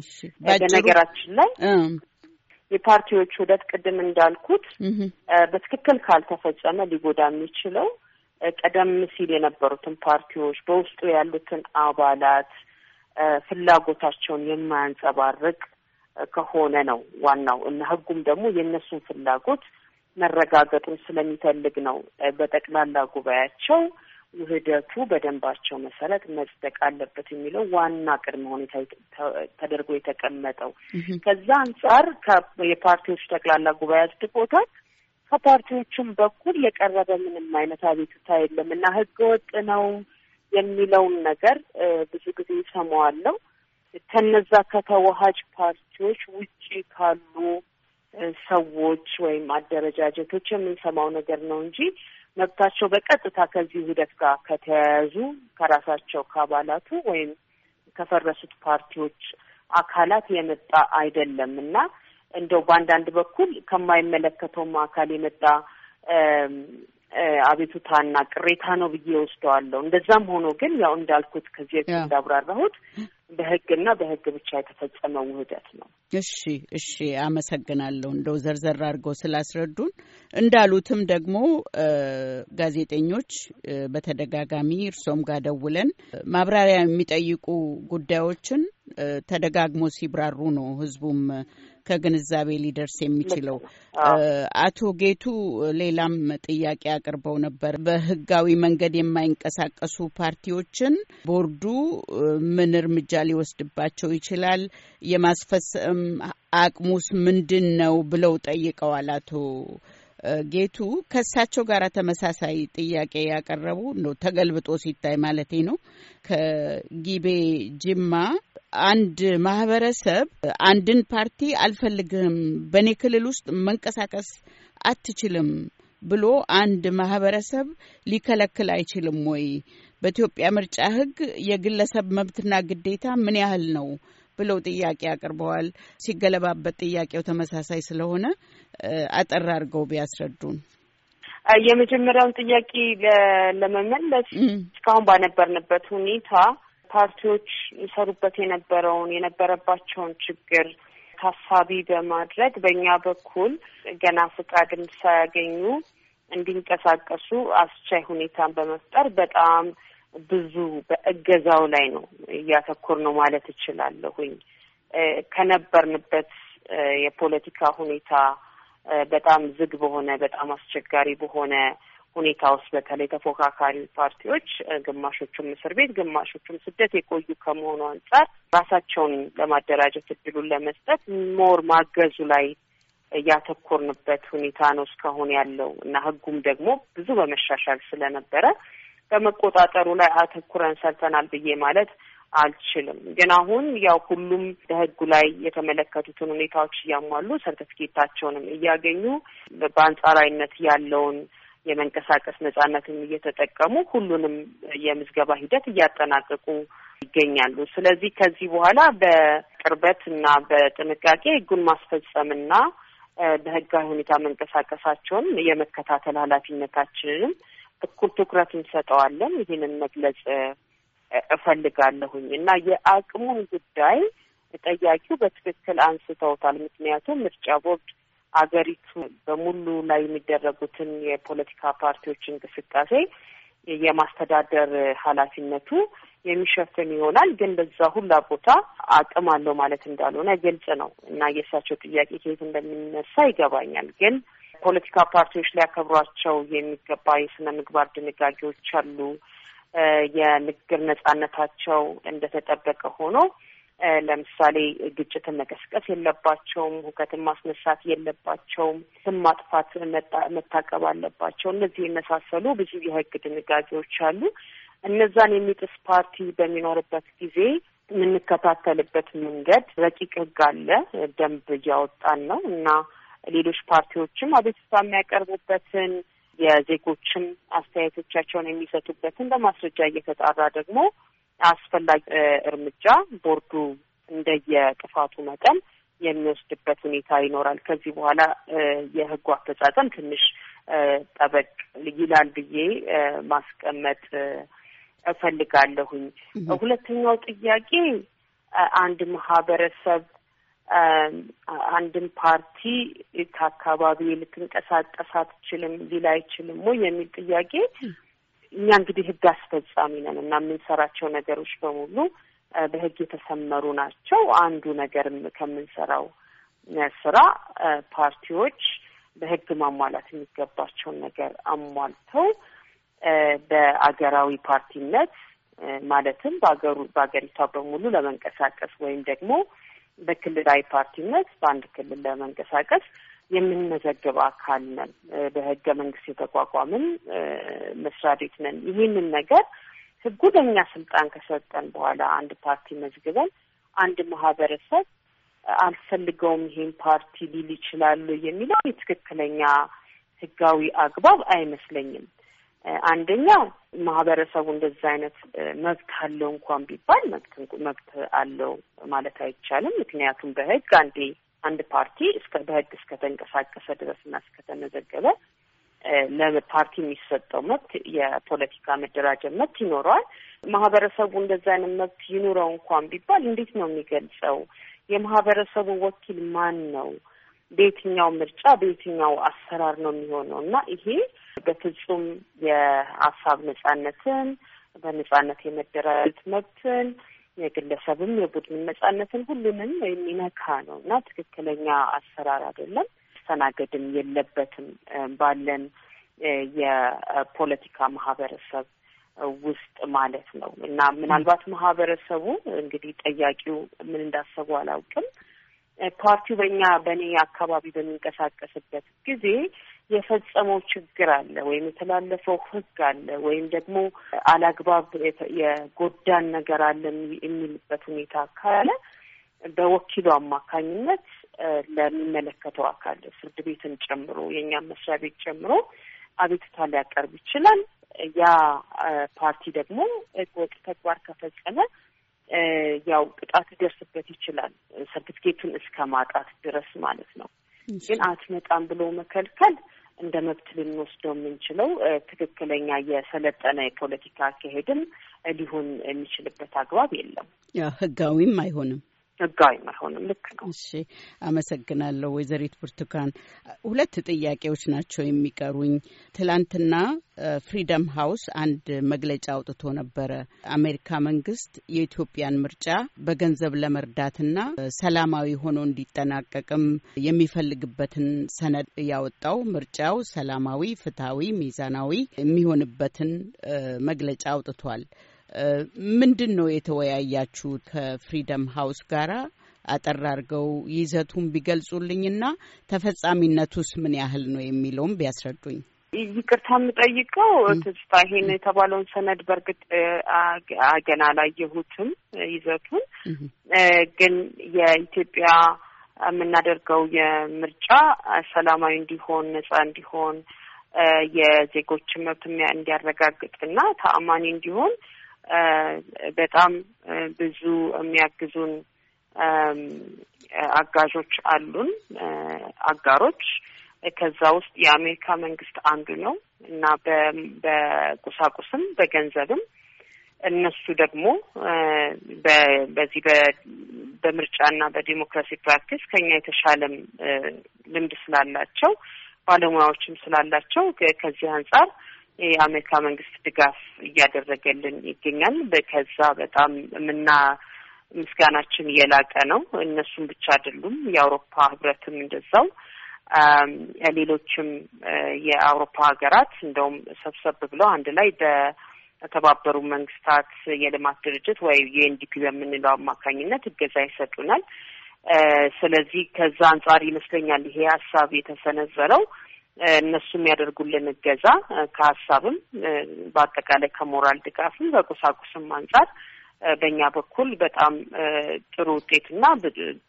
በነገራችን ላይ የፓርቲዎች ውህደት ቅድም እንዳልኩት በትክክል ካልተፈጸመ ሊጎዳ የሚችለው ቀደም ሲል የነበሩትን ፓርቲዎች በውስጡ ያሉትን አባላት ፍላጎታቸውን የማያንጸባርቅ ከሆነ ነው ዋናው እና ህጉም ደግሞ የእነሱን ፍላጎት መረጋገጡን ስለሚፈልግ ነው በጠቅላላ ጉባኤያቸው ውህደቱ በደንባቸው መሰረት መጽደቅ አለበት የሚለው ዋና ቅድመ ሁኔታ ተደርጎ የተቀመጠው። ከዛ አንጻር የፓርቲዎች ጠቅላላ ጉባኤ አጽድቆታል። ከፓርቲዎቹም በኩል የቀረበ ምንም አይነት አቤቱታ የለም እና ህገ ወጥ ነው የሚለውን ነገር ብዙ ጊዜ ይሰማዋለው። ከነዛ ከተወሃጅ ፓርቲዎች ውጪ ካሉ ሰዎች ወይም አደረጃጀቶች የምንሰማው ነገር ነው እንጂ መብታቸው በቀጥታ ከዚህ ውህደት ጋር ከተያያዙ ከራሳቸው ከአባላቱ ወይም ከፈረሱት ፓርቲዎች አካላት የመጣ አይደለም እና እንደው በአንዳንድ በኩል ከማይመለከተውም አካል የመጣ አቤቱታና ቅሬታ ነው ብዬ ወስደዋለሁ። እንደዛም ሆኖ ግን ያው እንዳልኩት ከዚህ እንዳብራራሁት በህግና በህግ ብቻ የተፈጸመ ውህደት ነው። እሺ እሺ፣ አመሰግናለሁ እንደው ዘርዘር አድርገው ስላስረዱን። እንዳሉትም ደግሞ ጋዜጠኞች በተደጋጋሚ እርሶም ጋር ደውለን ማብራሪያ የሚጠይቁ ጉዳዮችን ተደጋግሞ ሲብራሩ ነው ህዝቡም ከግንዛቤ ሊደርስ የሚችለው። አቶ ጌቱ ሌላም ጥያቄ አቅርበው ነበር። በህጋዊ መንገድ የማይንቀሳቀሱ ፓርቲዎችን ቦርዱ ምን እርምጃ ሊወስድባቸው ይችላል? የማስፈጸም አቅሙስ ምንድን ነው ብለው ጠይቀዋል። አቶ ጌቱ ከእሳቸው ጋር ተመሳሳይ ጥያቄ ያቀረቡ ነው፣ ተገልብጦ ሲታይ ማለት ነው ከጊቤ ጅማ አንድ ማህበረሰብ አንድን ፓርቲ አልፈልግህም፣ በእኔ ክልል ውስጥ መንቀሳቀስ አትችልም ብሎ አንድ ማህበረሰብ ሊከለክል አይችልም ወይ? በኢትዮጵያ ምርጫ ህግ የግለሰብ መብትና ግዴታ ምን ያህል ነው ብለው ጥያቄ አቅርበዋል። ሲገለባበት ጥያቄው ተመሳሳይ ስለሆነ አጠር አድርገው ቢያስረዱን። የመጀመሪያውን ጥያቄ ለመመለስ እስካሁን ባነበርንበት ሁኔታ ፓርቲዎች ይሰሩበት የነበረውን የነበረባቸውን ችግር ታሳቢ በማድረግ በእኛ በኩል ገና ፍቃድን ሳያገኙ እንዲንቀሳቀሱ አስቻይ ሁኔታን በመፍጠር በጣም ብዙ በእገዛው ላይ ነው እያተኮር ነው ማለት እችላለሁኝ። ከነበርንበት የፖለቲካ ሁኔታ በጣም ዝግ በሆነ በጣም አስቸጋሪ በሆነ ሁኔታ ውስጥ በተለይ ተፎካካሪ ፓርቲዎች ግማሾቹም እስር ቤት ግማሾቹም ስደት የቆዩ ከመሆኑ አንጻር ራሳቸውን ለማደራጀት እድሉን ለመስጠት ሞር ማገዙ ላይ እያተኮርንበት ሁኔታ ነው እስካሁን ያለው እና ህጉም ደግሞ ብዙ በመሻሻል ስለነበረ በመቆጣጠሩ ላይ አተኩረን ሰርተናል ብዬ ማለት አልችልም። ግን አሁን ያው ሁሉም በህጉ ላይ የተመለከቱትን ሁኔታዎች እያሟሉ ሰርተፊኬታቸውንም እያገኙ በአንጻራዊነት ያለውን የመንቀሳቀስ ነጻነትን እየተጠቀሙ ሁሉንም የምዝገባ ሂደት እያጠናቀቁ ይገኛሉ። ስለዚህ ከዚህ በኋላ በቅርበት እና በጥንቃቄ ህጉን ማስፈጸምና በህጋዊ ሁኔታ መንቀሳቀሳቸውን የመከታተል ኃላፊነታችንንም እኩል ትኩረት እንሰጠዋለን። ይህንን መግለጽ እፈልጋለሁኝ እና የአቅሙን ጉዳይ ጠያቂው በትክክል አንስተውታል። ምክንያቱም ምርጫ ቦርድ አገሪቱ በሙሉ ላይ የሚደረጉትን የፖለቲካ ፓርቲዎች እንቅስቃሴ የማስተዳደር ኃላፊነቱ የሚሸፍን ይሆናል። ግን በዛ ሁላ ቦታ አቅም አለው ማለት እንዳልሆነ ግልጽ ነው እና የእሳቸው ጥያቄ ከየት እንደሚነሳ ይገባኛል። ግን ፖለቲካ ፓርቲዎች ሊያከብሯቸው የሚገባ የስነ ምግባር ድንጋጌዎች አሉ። የንግግር ነጻነታቸው እንደተጠበቀ ሆኖ ለምሳሌ ግጭትን መቀስቀስ የለባቸውም፣ ሁከትን ማስነሳት የለባቸውም፣ ስም ማጥፋት መታቀብ አለባቸው። እነዚህ የመሳሰሉ ብዙ የህግ ድንጋጌዎች አሉ። እነዛን የሚጥስ ፓርቲ በሚኖርበት ጊዜ የምንከታተልበት መንገድ ረቂቅ ህግ አለ። ደንብ እያወጣን ነው እና ሌሎች ፓርቲዎችም አቤቱታ የሚያቀርቡበትን የዜጎችም አስተያየቶቻቸውን የሚሰጡበትን በማስረጃ እየተጣራ ደግሞ አስፈላጊ እርምጃ ቦርዱ እንደየጥፋቱ መጠን የሚወስድበት ሁኔታ ይኖራል። ከዚህ በኋላ የህጉ አፈጻጸም ትንሽ ጠበቅ ይላል ብዬ ማስቀመጥ እፈልጋለሁኝ። ሁለተኛው ጥያቄ አንድ ማህበረሰብ አንድን ፓርቲ ከአካባቢ ልትንቀሳቀስ አትችልም ሊል አይችልም ወይ የሚል ጥያቄ እኛ እንግዲህ ህግ አስፈጻሚ ነን እና የምንሰራቸው ነገሮች በሙሉ በህግ የተሰመሩ ናቸው። አንዱ ነገር ከምንሰራው ስራ ፓርቲዎች በህግ ማሟላት የሚገባቸውን ነገር አሟልተው በአገራዊ ፓርቲነት ማለትም በአገሩ በአገሪቷ በሙሉ ለመንቀሳቀስ ወይም ደግሞ በክልላዊ ፓርቲነት በአንድ ክልል ለመንቀሳቀስ የምንመዘግብ አካል ነን። በህገ መንግስት የተቋቋምን መስሪያ ቤት ነን። ይህንን ነገር ህጉ ለእኛ ስልጣን ከሰጠን በኋላ አንድ ፓርቲ መዝግበን አንድ ማህበረሰብ አልፈልገውም ይሄን ፓርቲ ሊል ይችላሉ የሚለው የትክክለኛ ህጋዊ አግባብ አይመስለኝም። አንደኛው ማህበረሰቡ እንደዚህ አይነት መብት አለው እንኳን ቢባል መብት አለው ማለት አይቻልም። ምክንያቱም በህግ አንዴ አንድ ፓርቲ እስከ በህግ እስከተንቀሳቀሰ እና እስከተመዘገበ ለፓርቲ የሚሰጠው መብት የፖለቲካ መደራጀት መብት ይኖረዋል። ማህበረሰቡ እንደዚህ አይነት መብት ይኑረው እንኳን ቢባል እንዴት ነው የሚገልጸው? የማህበረሰቡ ወኪል ማን ነው? በየትኛው ምርጫ በየትኛው አሰራር ነው የሚሆነው እና ይሄ በፍጹም የሀሳብ ነጻነትን በነጻነት የመደራጀት መብትን የግለሰብም የቡድን ነጻነትን ሁሉንም የሚነካ ነው እና ትክክለኛ አሰራር አይደለም፣ መስተናገድም የለበትም ባለን የፖለቲካ ማህበረሰብ ውስጥ ማለት ነው እና ምናልባት ማህበረሰቡ እንግዲህ ጠያቂው ምን እንዳሰቡ አላውቅም ፓርቲው በእኛ በእኔ አካባቢ በሚንቀሳቀስበት ጊዜ የፈጸመው ችግር አለ ወይም የተላለፈው ሕግ አለ ወይም ደግሞ አላግባብ የጎዳን ነገር አለ የሚልበት ሁኔታ ካለ በወኪሉ አማካኝነት ለሚመለከተው አካል ፍርድ ቤትን ጨምሮ የእኛም መስሪያ ቤት ጨምሮ አቤቱታ ሊያቀርብ ይችላል። ያ ፓርቲ ደግሞ ወጥ ተግባር ከፈጸመ ያው ቅጣት ሊደርስበት ይችላል ሰርቲፊኬቱን እስከ ማጣት ድረስ ማለት ነው። ግን አትመጣም ብሎ መከልከል እንደ መብት ልንወስደው የምንችለው ትክክለኛ የሰለጠነ የፖለቲካ አካሄድም ሊሆን የሚችልበት አግባብ የለም። ህጋዊም አይሆንም። ህጋዊ አይሆንም። ልክ ነው። እሺ አመሰግናለሁ ወይዘሪት ብርቱካን። ሁለት ጥያቄዎች ናቸው የሚቀሩኝ። ትላንትና ፍሪደም ሀውስ አንድ መግለጫ አውጥቶ ነበረ። አሜሪካ መንግስት የኢትዮጵያን ምርጫ በገንዘብ ለመርዳትና ሰላማዊ ሆኖ እንዲጠናቀቅም የሚፈልግበትን ሰነድ ያወጣው ምርጫው ሰላማዊ፣ ፍትሐዊ፣ ሚዛናዊ የሚሆንበትን መግለጫ አውጥቷል። ምንድን ነው የተወያያችሁት ከፍሪደም ሀውስ ጋራ? አጠር አድርገው ይዘቱን ቢገልጹልኝና ተፈጻሚነቱስ ምን ያህል ነው የሚለውም ቢያስረዱኝ። ይቅርታ የምጠይቀው ትስታ ይሄን የተባለውን ሰነድ በእርግጥ ገና አላየሁትም። ይዘቱን ግን የኢትዮጵያ የምናደርገው የምርጫ ሰላማዊ እንዲሆን፣ ነጻ እንዲሆን፣ የዜጎችን መብት እንዲያረጋግጥና ተአማኒ እንዲሆን በጣም ብዙ የሚያግዙን አጋዦች አሉን፣ አጋሮች ከዛ ውስጥ የአሜሪካ መንግስት አንዱ ነው እና በቁሳቁስም በገንዘብም እነሱ ደግሞ በዚህ በምርጫና በዲሞክራሲ ፕራክቲስ ከኛ የተሻለም ልምድ ስላላቸው ባለሙያዎችም ስላላቸው ከዚህ አንጻር የአሜሪካ መንግስት ድጋፍ እያደረገልን ይገኛል። ከዛ በጣም የምና ምስጋናችን የላቀ ነው። እነሱም ብቻ አይደሉም፣ የአውሮፓ ህብረትም እንደዛው ሌሎችም የአውሮፓ ሀገራት እንደውም ሰብሰብ ብለው አንድ ላይ በተባበሩ መንግስታት የልማት ድርጅት ወይ የኤንዲፒ በምንለው አማካኝነት እገዛ ይሰጡናል። ስለዚህ ከዛ አንጻር ይመስለኛል ይሄ ሀሳብ የተሰነዘረው እነሱ የሚያደርጉልን እገዛ ከሀሳብም በአጠቃላይ ከሞራል ድጋፍም በቁሳቁስም አንጻር በእኛ በኩል በጣም ጥሩ ውጤትና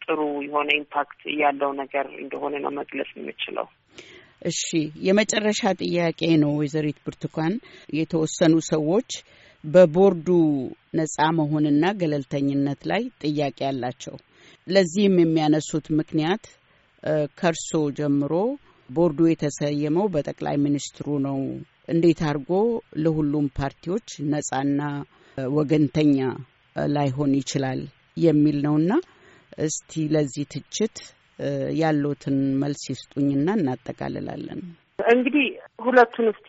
ጥሩ የሆነ ኢምፓክት ያለው ነገር እንደሆነ ነው መግለጽ የምችለው። እሺ፣ የመጨረሻ ጥያቄ ነው። ወይዘሪት ብርቱካን የተወሰኑ ሰዎች በቦርዱ ነጻ መሆንና ገለልተኝነት ላይ ጥያቄ አላቸው። ለዚህም የሚያነሱት ምክንያት ከእርሶ ጀምሮ ቦርዱ የተሰየመው በጠቅላይ ሚኒስትሩ ነው። እንዴት አድርጎ ለሁሉም ፓርቲዎች ነጻና ወገንተኛ ላይሆን ይችላል የሚል ነውና እስቲ ለዚህ ትችት ያለውትን መልስ ይስጡኝና እናጠቃልላለን። እንግዲህ ሁለቱን እስቲ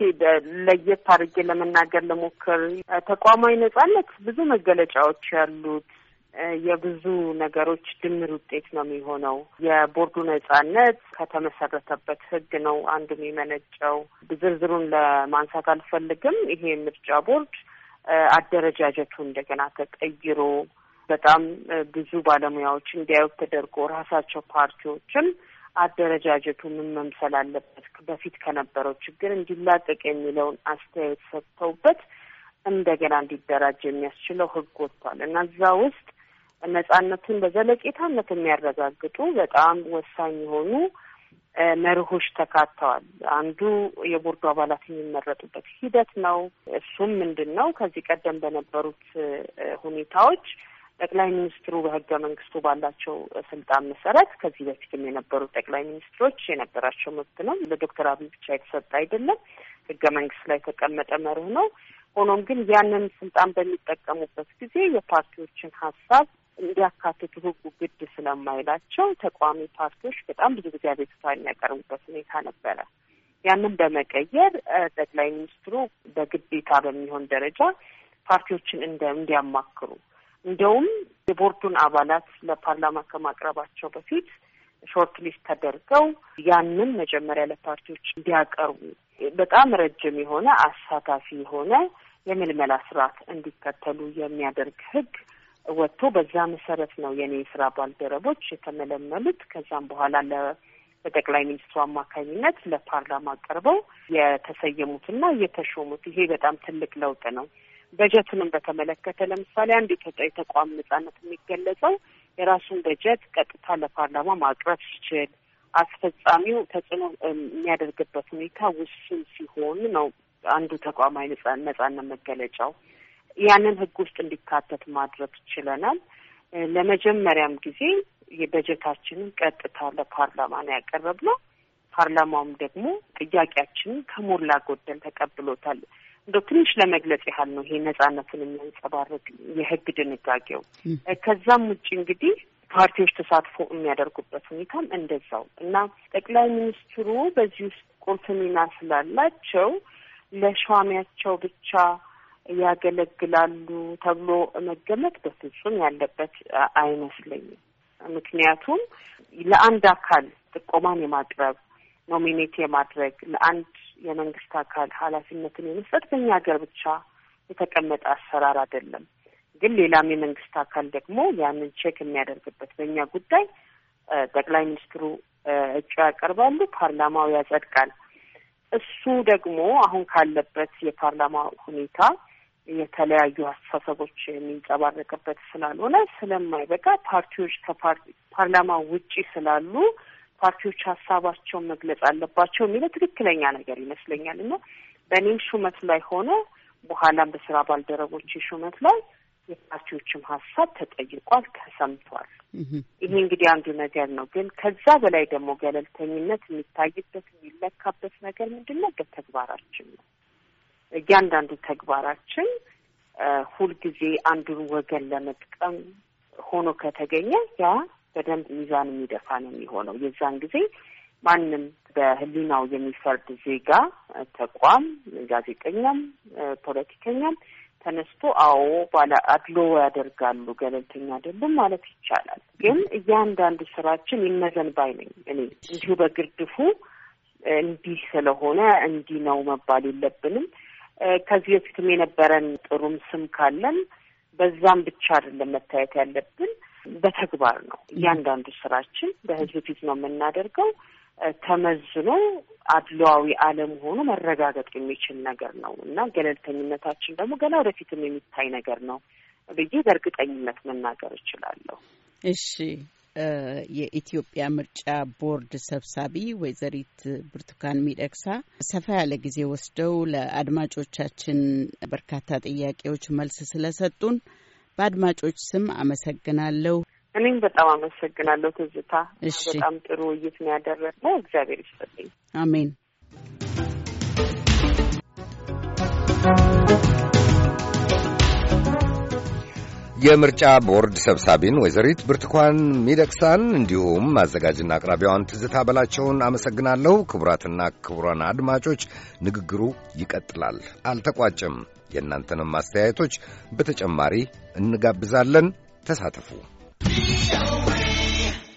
ለየት አድርጌ ለመናገር ልሞክር። ተቋማዊ ነጻነት ብዙ መገለጫዎች ያሉት የብዙ ነገሮች ድምር ውጤት ነው የሚሆነው። የቦርዱ ነጻነት ከተመሰረተበት ህግ ነው አንዱ የሚመነጨው። ዝርዝሩን ለማንሳት አልፈልግም። ይሄ ምርጫ ቦርድ አደረጃጀቱ እንደገና ተቀይሮ በጣም ብዙ ባለሙያዎች እንዲያዩ ተደርጎ ራሳቸው ፓርቲዎችም አደረጃጀቱ ምን መምሰል አለበት በፊት ከነበረው ችግር እንዲላቀቅ የሚለውን አስተያየት ሰጥተውበት እንደገና እንዲደራጅ የሚያስችለው ህግ ወጥቷል እና እዛ ውስጥ ነጻነትን በዘለቄታነት የሚያረጋግጡ በጣም ወሳኝ የሆኑ መርሆች ተካተዋል። አንዱ የቦርዱ አባላት የሚመረጡበት ሂደት ነው። እሱም ምንድን ነው? ከዚህ ቀደም በነበሩት ሁኔታዎች ጠቅላይ ሚኒስትሩ በህገ መንግስቱ ባላቸው ስልጣን መሰረት ከዚህ በፊትም የነበሩት ጠቅላይ ሚኒስትሮች የነበራቸው መብት ነው። ለዶክተር አብይ ብቻ የተሰጠ አይደለም። ህገ መንግስት ላይ የተቀመጠ መርህ ነው። ሆኖም ግን ያንን ስልጣን በሚጠቀሙበት ጊዜ የፓርቲዎችን ሀሳብ እንዲያካትቱ ህጉ ግድ ስለማይላቸው ተቋሚ ፓርቲዎች በጣም ብዙ ጊዜ አቤቱታ የሚያቀርቡበት ሁኔታ ነበረ። ያንን በመቀየር ጠቅላይ ሚኒስትሩ በግዴታ በሚሆን ደረጃ ፓርቲዎችን እንዲያማክሩ እንደውም የቦርዱን አባላት ለፓርላማ ከማቅረባቸው በፊት ሾርት ሊስት ተደርገው ያንን መጀመሪያ ለፓርቲዎች እንዲያቀርቡ በጣም ረጅም የሆነ አሳታፊ የሆነ የምልመላ ስርዓት እንዲከተሉ የሚያደርግ ህግ ወጥቶ በዛ መሰረት ነው የኔ የስራ ባልደረቦች የተመለመሉት። ከዛም በኋላ በጠቅላይ ሚኒስትሩ አማካኝነት ለፓርላማ ቀርበው የተሰየሙትና የተሾሙት። ይሄ በጣም ትልቅ ለውጥ ነው። በጀትንም በተመለከተ ለምሳሌ አንድ የተቋም ነጻነት የሚገለጸው የራሱን በጀት ቀጥታ ለፓርላማ ማቅረብ ሲችል፣ አስፈጻሚው ተጽዕኖ የሚያደርግበት ሁኔታ ውሱን ሲሆን ነው አንዱ ተቋማዊ ነጻነት መገለጫው። ያንን ህግ ውስጥ እንዲካተት ማድረግ ችለናል። ለመጀመሪያም ጊዜ የበጀታችንን ቀጥታ ለፓርላማን ነው። ፓርላማውም ደግሞ ጥያቄያችንን ከሞላ ጎደል ተቀብሎታል። እንደው ትንሽ ለመግለጽ ያህል ነው ይሄ ነጻነትን የሚያንጸባርቅ የህግ ድንጋጌው። ከዛም ውጭ እንግዲህ ፓርቲዎች ተሳትፎ የሚያደርጉበት ሁኔታም እንደዛው እና ጠቅላይ ሚኒስትሩ በዚህ ውስጥ ቁልፍ ሚና ስላላቸው ለሿሚያቸው ብቻ ያገለግላሉ ተብሎ መገመት በፍጹም ያለበት አይመስለኝም። ምክንያቱም ለአንድ አካል ጥቆማን የማቅረብ ኖሚኔት የማድረግ ለአንድ የመንግስት አካል ኃላፊነትን የመስጠት በኛ ሀገር ብቻ የተቀመጠ አሰራር አይደለም። ግን ሌላም የመንግስት አካል ደግሞ ያንን ቼክ የሚያደርግበት በእኛ ጉዳይ ጠቅላይ ሚኒስትሩ እጩ ያቀርባሉ፣ ፓርላማው ያጸድቃል። እሱ ደግሞ አሁን ካለበት የፓርላማ ሁኔታ የተለያዩ አስተሳሰቦች የሚንጸባረቅበት ስላልሆነ ስለማይበቃ ፓርቲዎች ከፓርላማ ውጪ ስላሉ ፓርቲዎች ሀሳባቸውን መግለጽ አለባቸው የሚለው ትክክለኛ ነገር ይመስለኛል እና በእኔም ሹመት ላይ ሆነ በኋላም በስራ ባልደረቦች ሹመት ላይ የፓርቲዎችም ሀሳብ ተጠይቋል፣ ተሰምቷል። ይሄ እንግዲህ አንዱ ነገር ነው። ግን ከዛ በላይ ደግሞ ገለልተኝነት የሚታይበት የሚለካበት ነገር ምንድን ነው? በተግባራችን ነው። እያንዳንዱ ተግባራችን ሁልጊዜ አንዱን ወገን ለመጥቀም ሆኖ ከተገኘ ያ በደንብ ሚዛን የሚደፋ ነው የሚሆነው። የዛን ጊዜ ማንም በህሊናው የሚፈርድ ዜጋ፣ ተቋም፣ ጋዜጠኛም፣ ፖለቲከኛም ተነስቶ አዎ ባለ አድሎ ያደርጋሉ ገለልተኛ አይደሉም ማለት ይቻላል። ግን እያንዳንዱ ስራችን ይመዘን ባይ ነኝ እኔ እንዲሁ በግርድፉ እንዲህ ስለሆነ እንዲህ ነው መባል የለብንም። ከዚህ በፊትም የነበረን ጥሩም ስም ካለን በዛም ብቻ አይደለም መታየት ያለብን፣ በተግባር ነው። እያንዳንዱ ስራችን በህዝብ ፊት ነው የምናደርገው። ተመዝኖ አድሏዊ አለመሆኑ መረጋገጥ የሚችል ነገር ነው እና ገለልተኝነታችን ደግሞ ገና ወደፊትም የሚታይ ነገር ነው ብዬ በእርግጠኝነት መናገር እችላለሁ። እሺ የኢትዮጵያ ምርጫ ቦርድ ሰብሳቢ ወይዘሪት ብርቱካን ሚደቅሳ ሰፋ ያለ ጊዜ ወስደው ለአድማጮቻችን በርካታ ጥያቄዎች መልስ ስለሰጡን በአድማጮች ስም አመሰግናለሁ። እኔም በጣም አመሰግናለሁ ትዝታ። በጣም ጥሩ ውይይት ነው ያደረግነው። እግዚአብሔር ይስጥልኝ። አሜን። የምርጫ ቦርድ ሰብሳቢን ወይዘሪት ብርቱካን ሚደቅሳን እንዲሁም አዘጋጅና አቅራቢዋን ትዝታ በላቸውን አመሰግናለሁ። ክቡራትና ክቡራን አድማጮች ንግግሩ ይቀጥላል፣ አልተቋጭም የእናንተንም አስተያየቶች በተጨማሪ እንጋብዛለን። ተሳተፉ።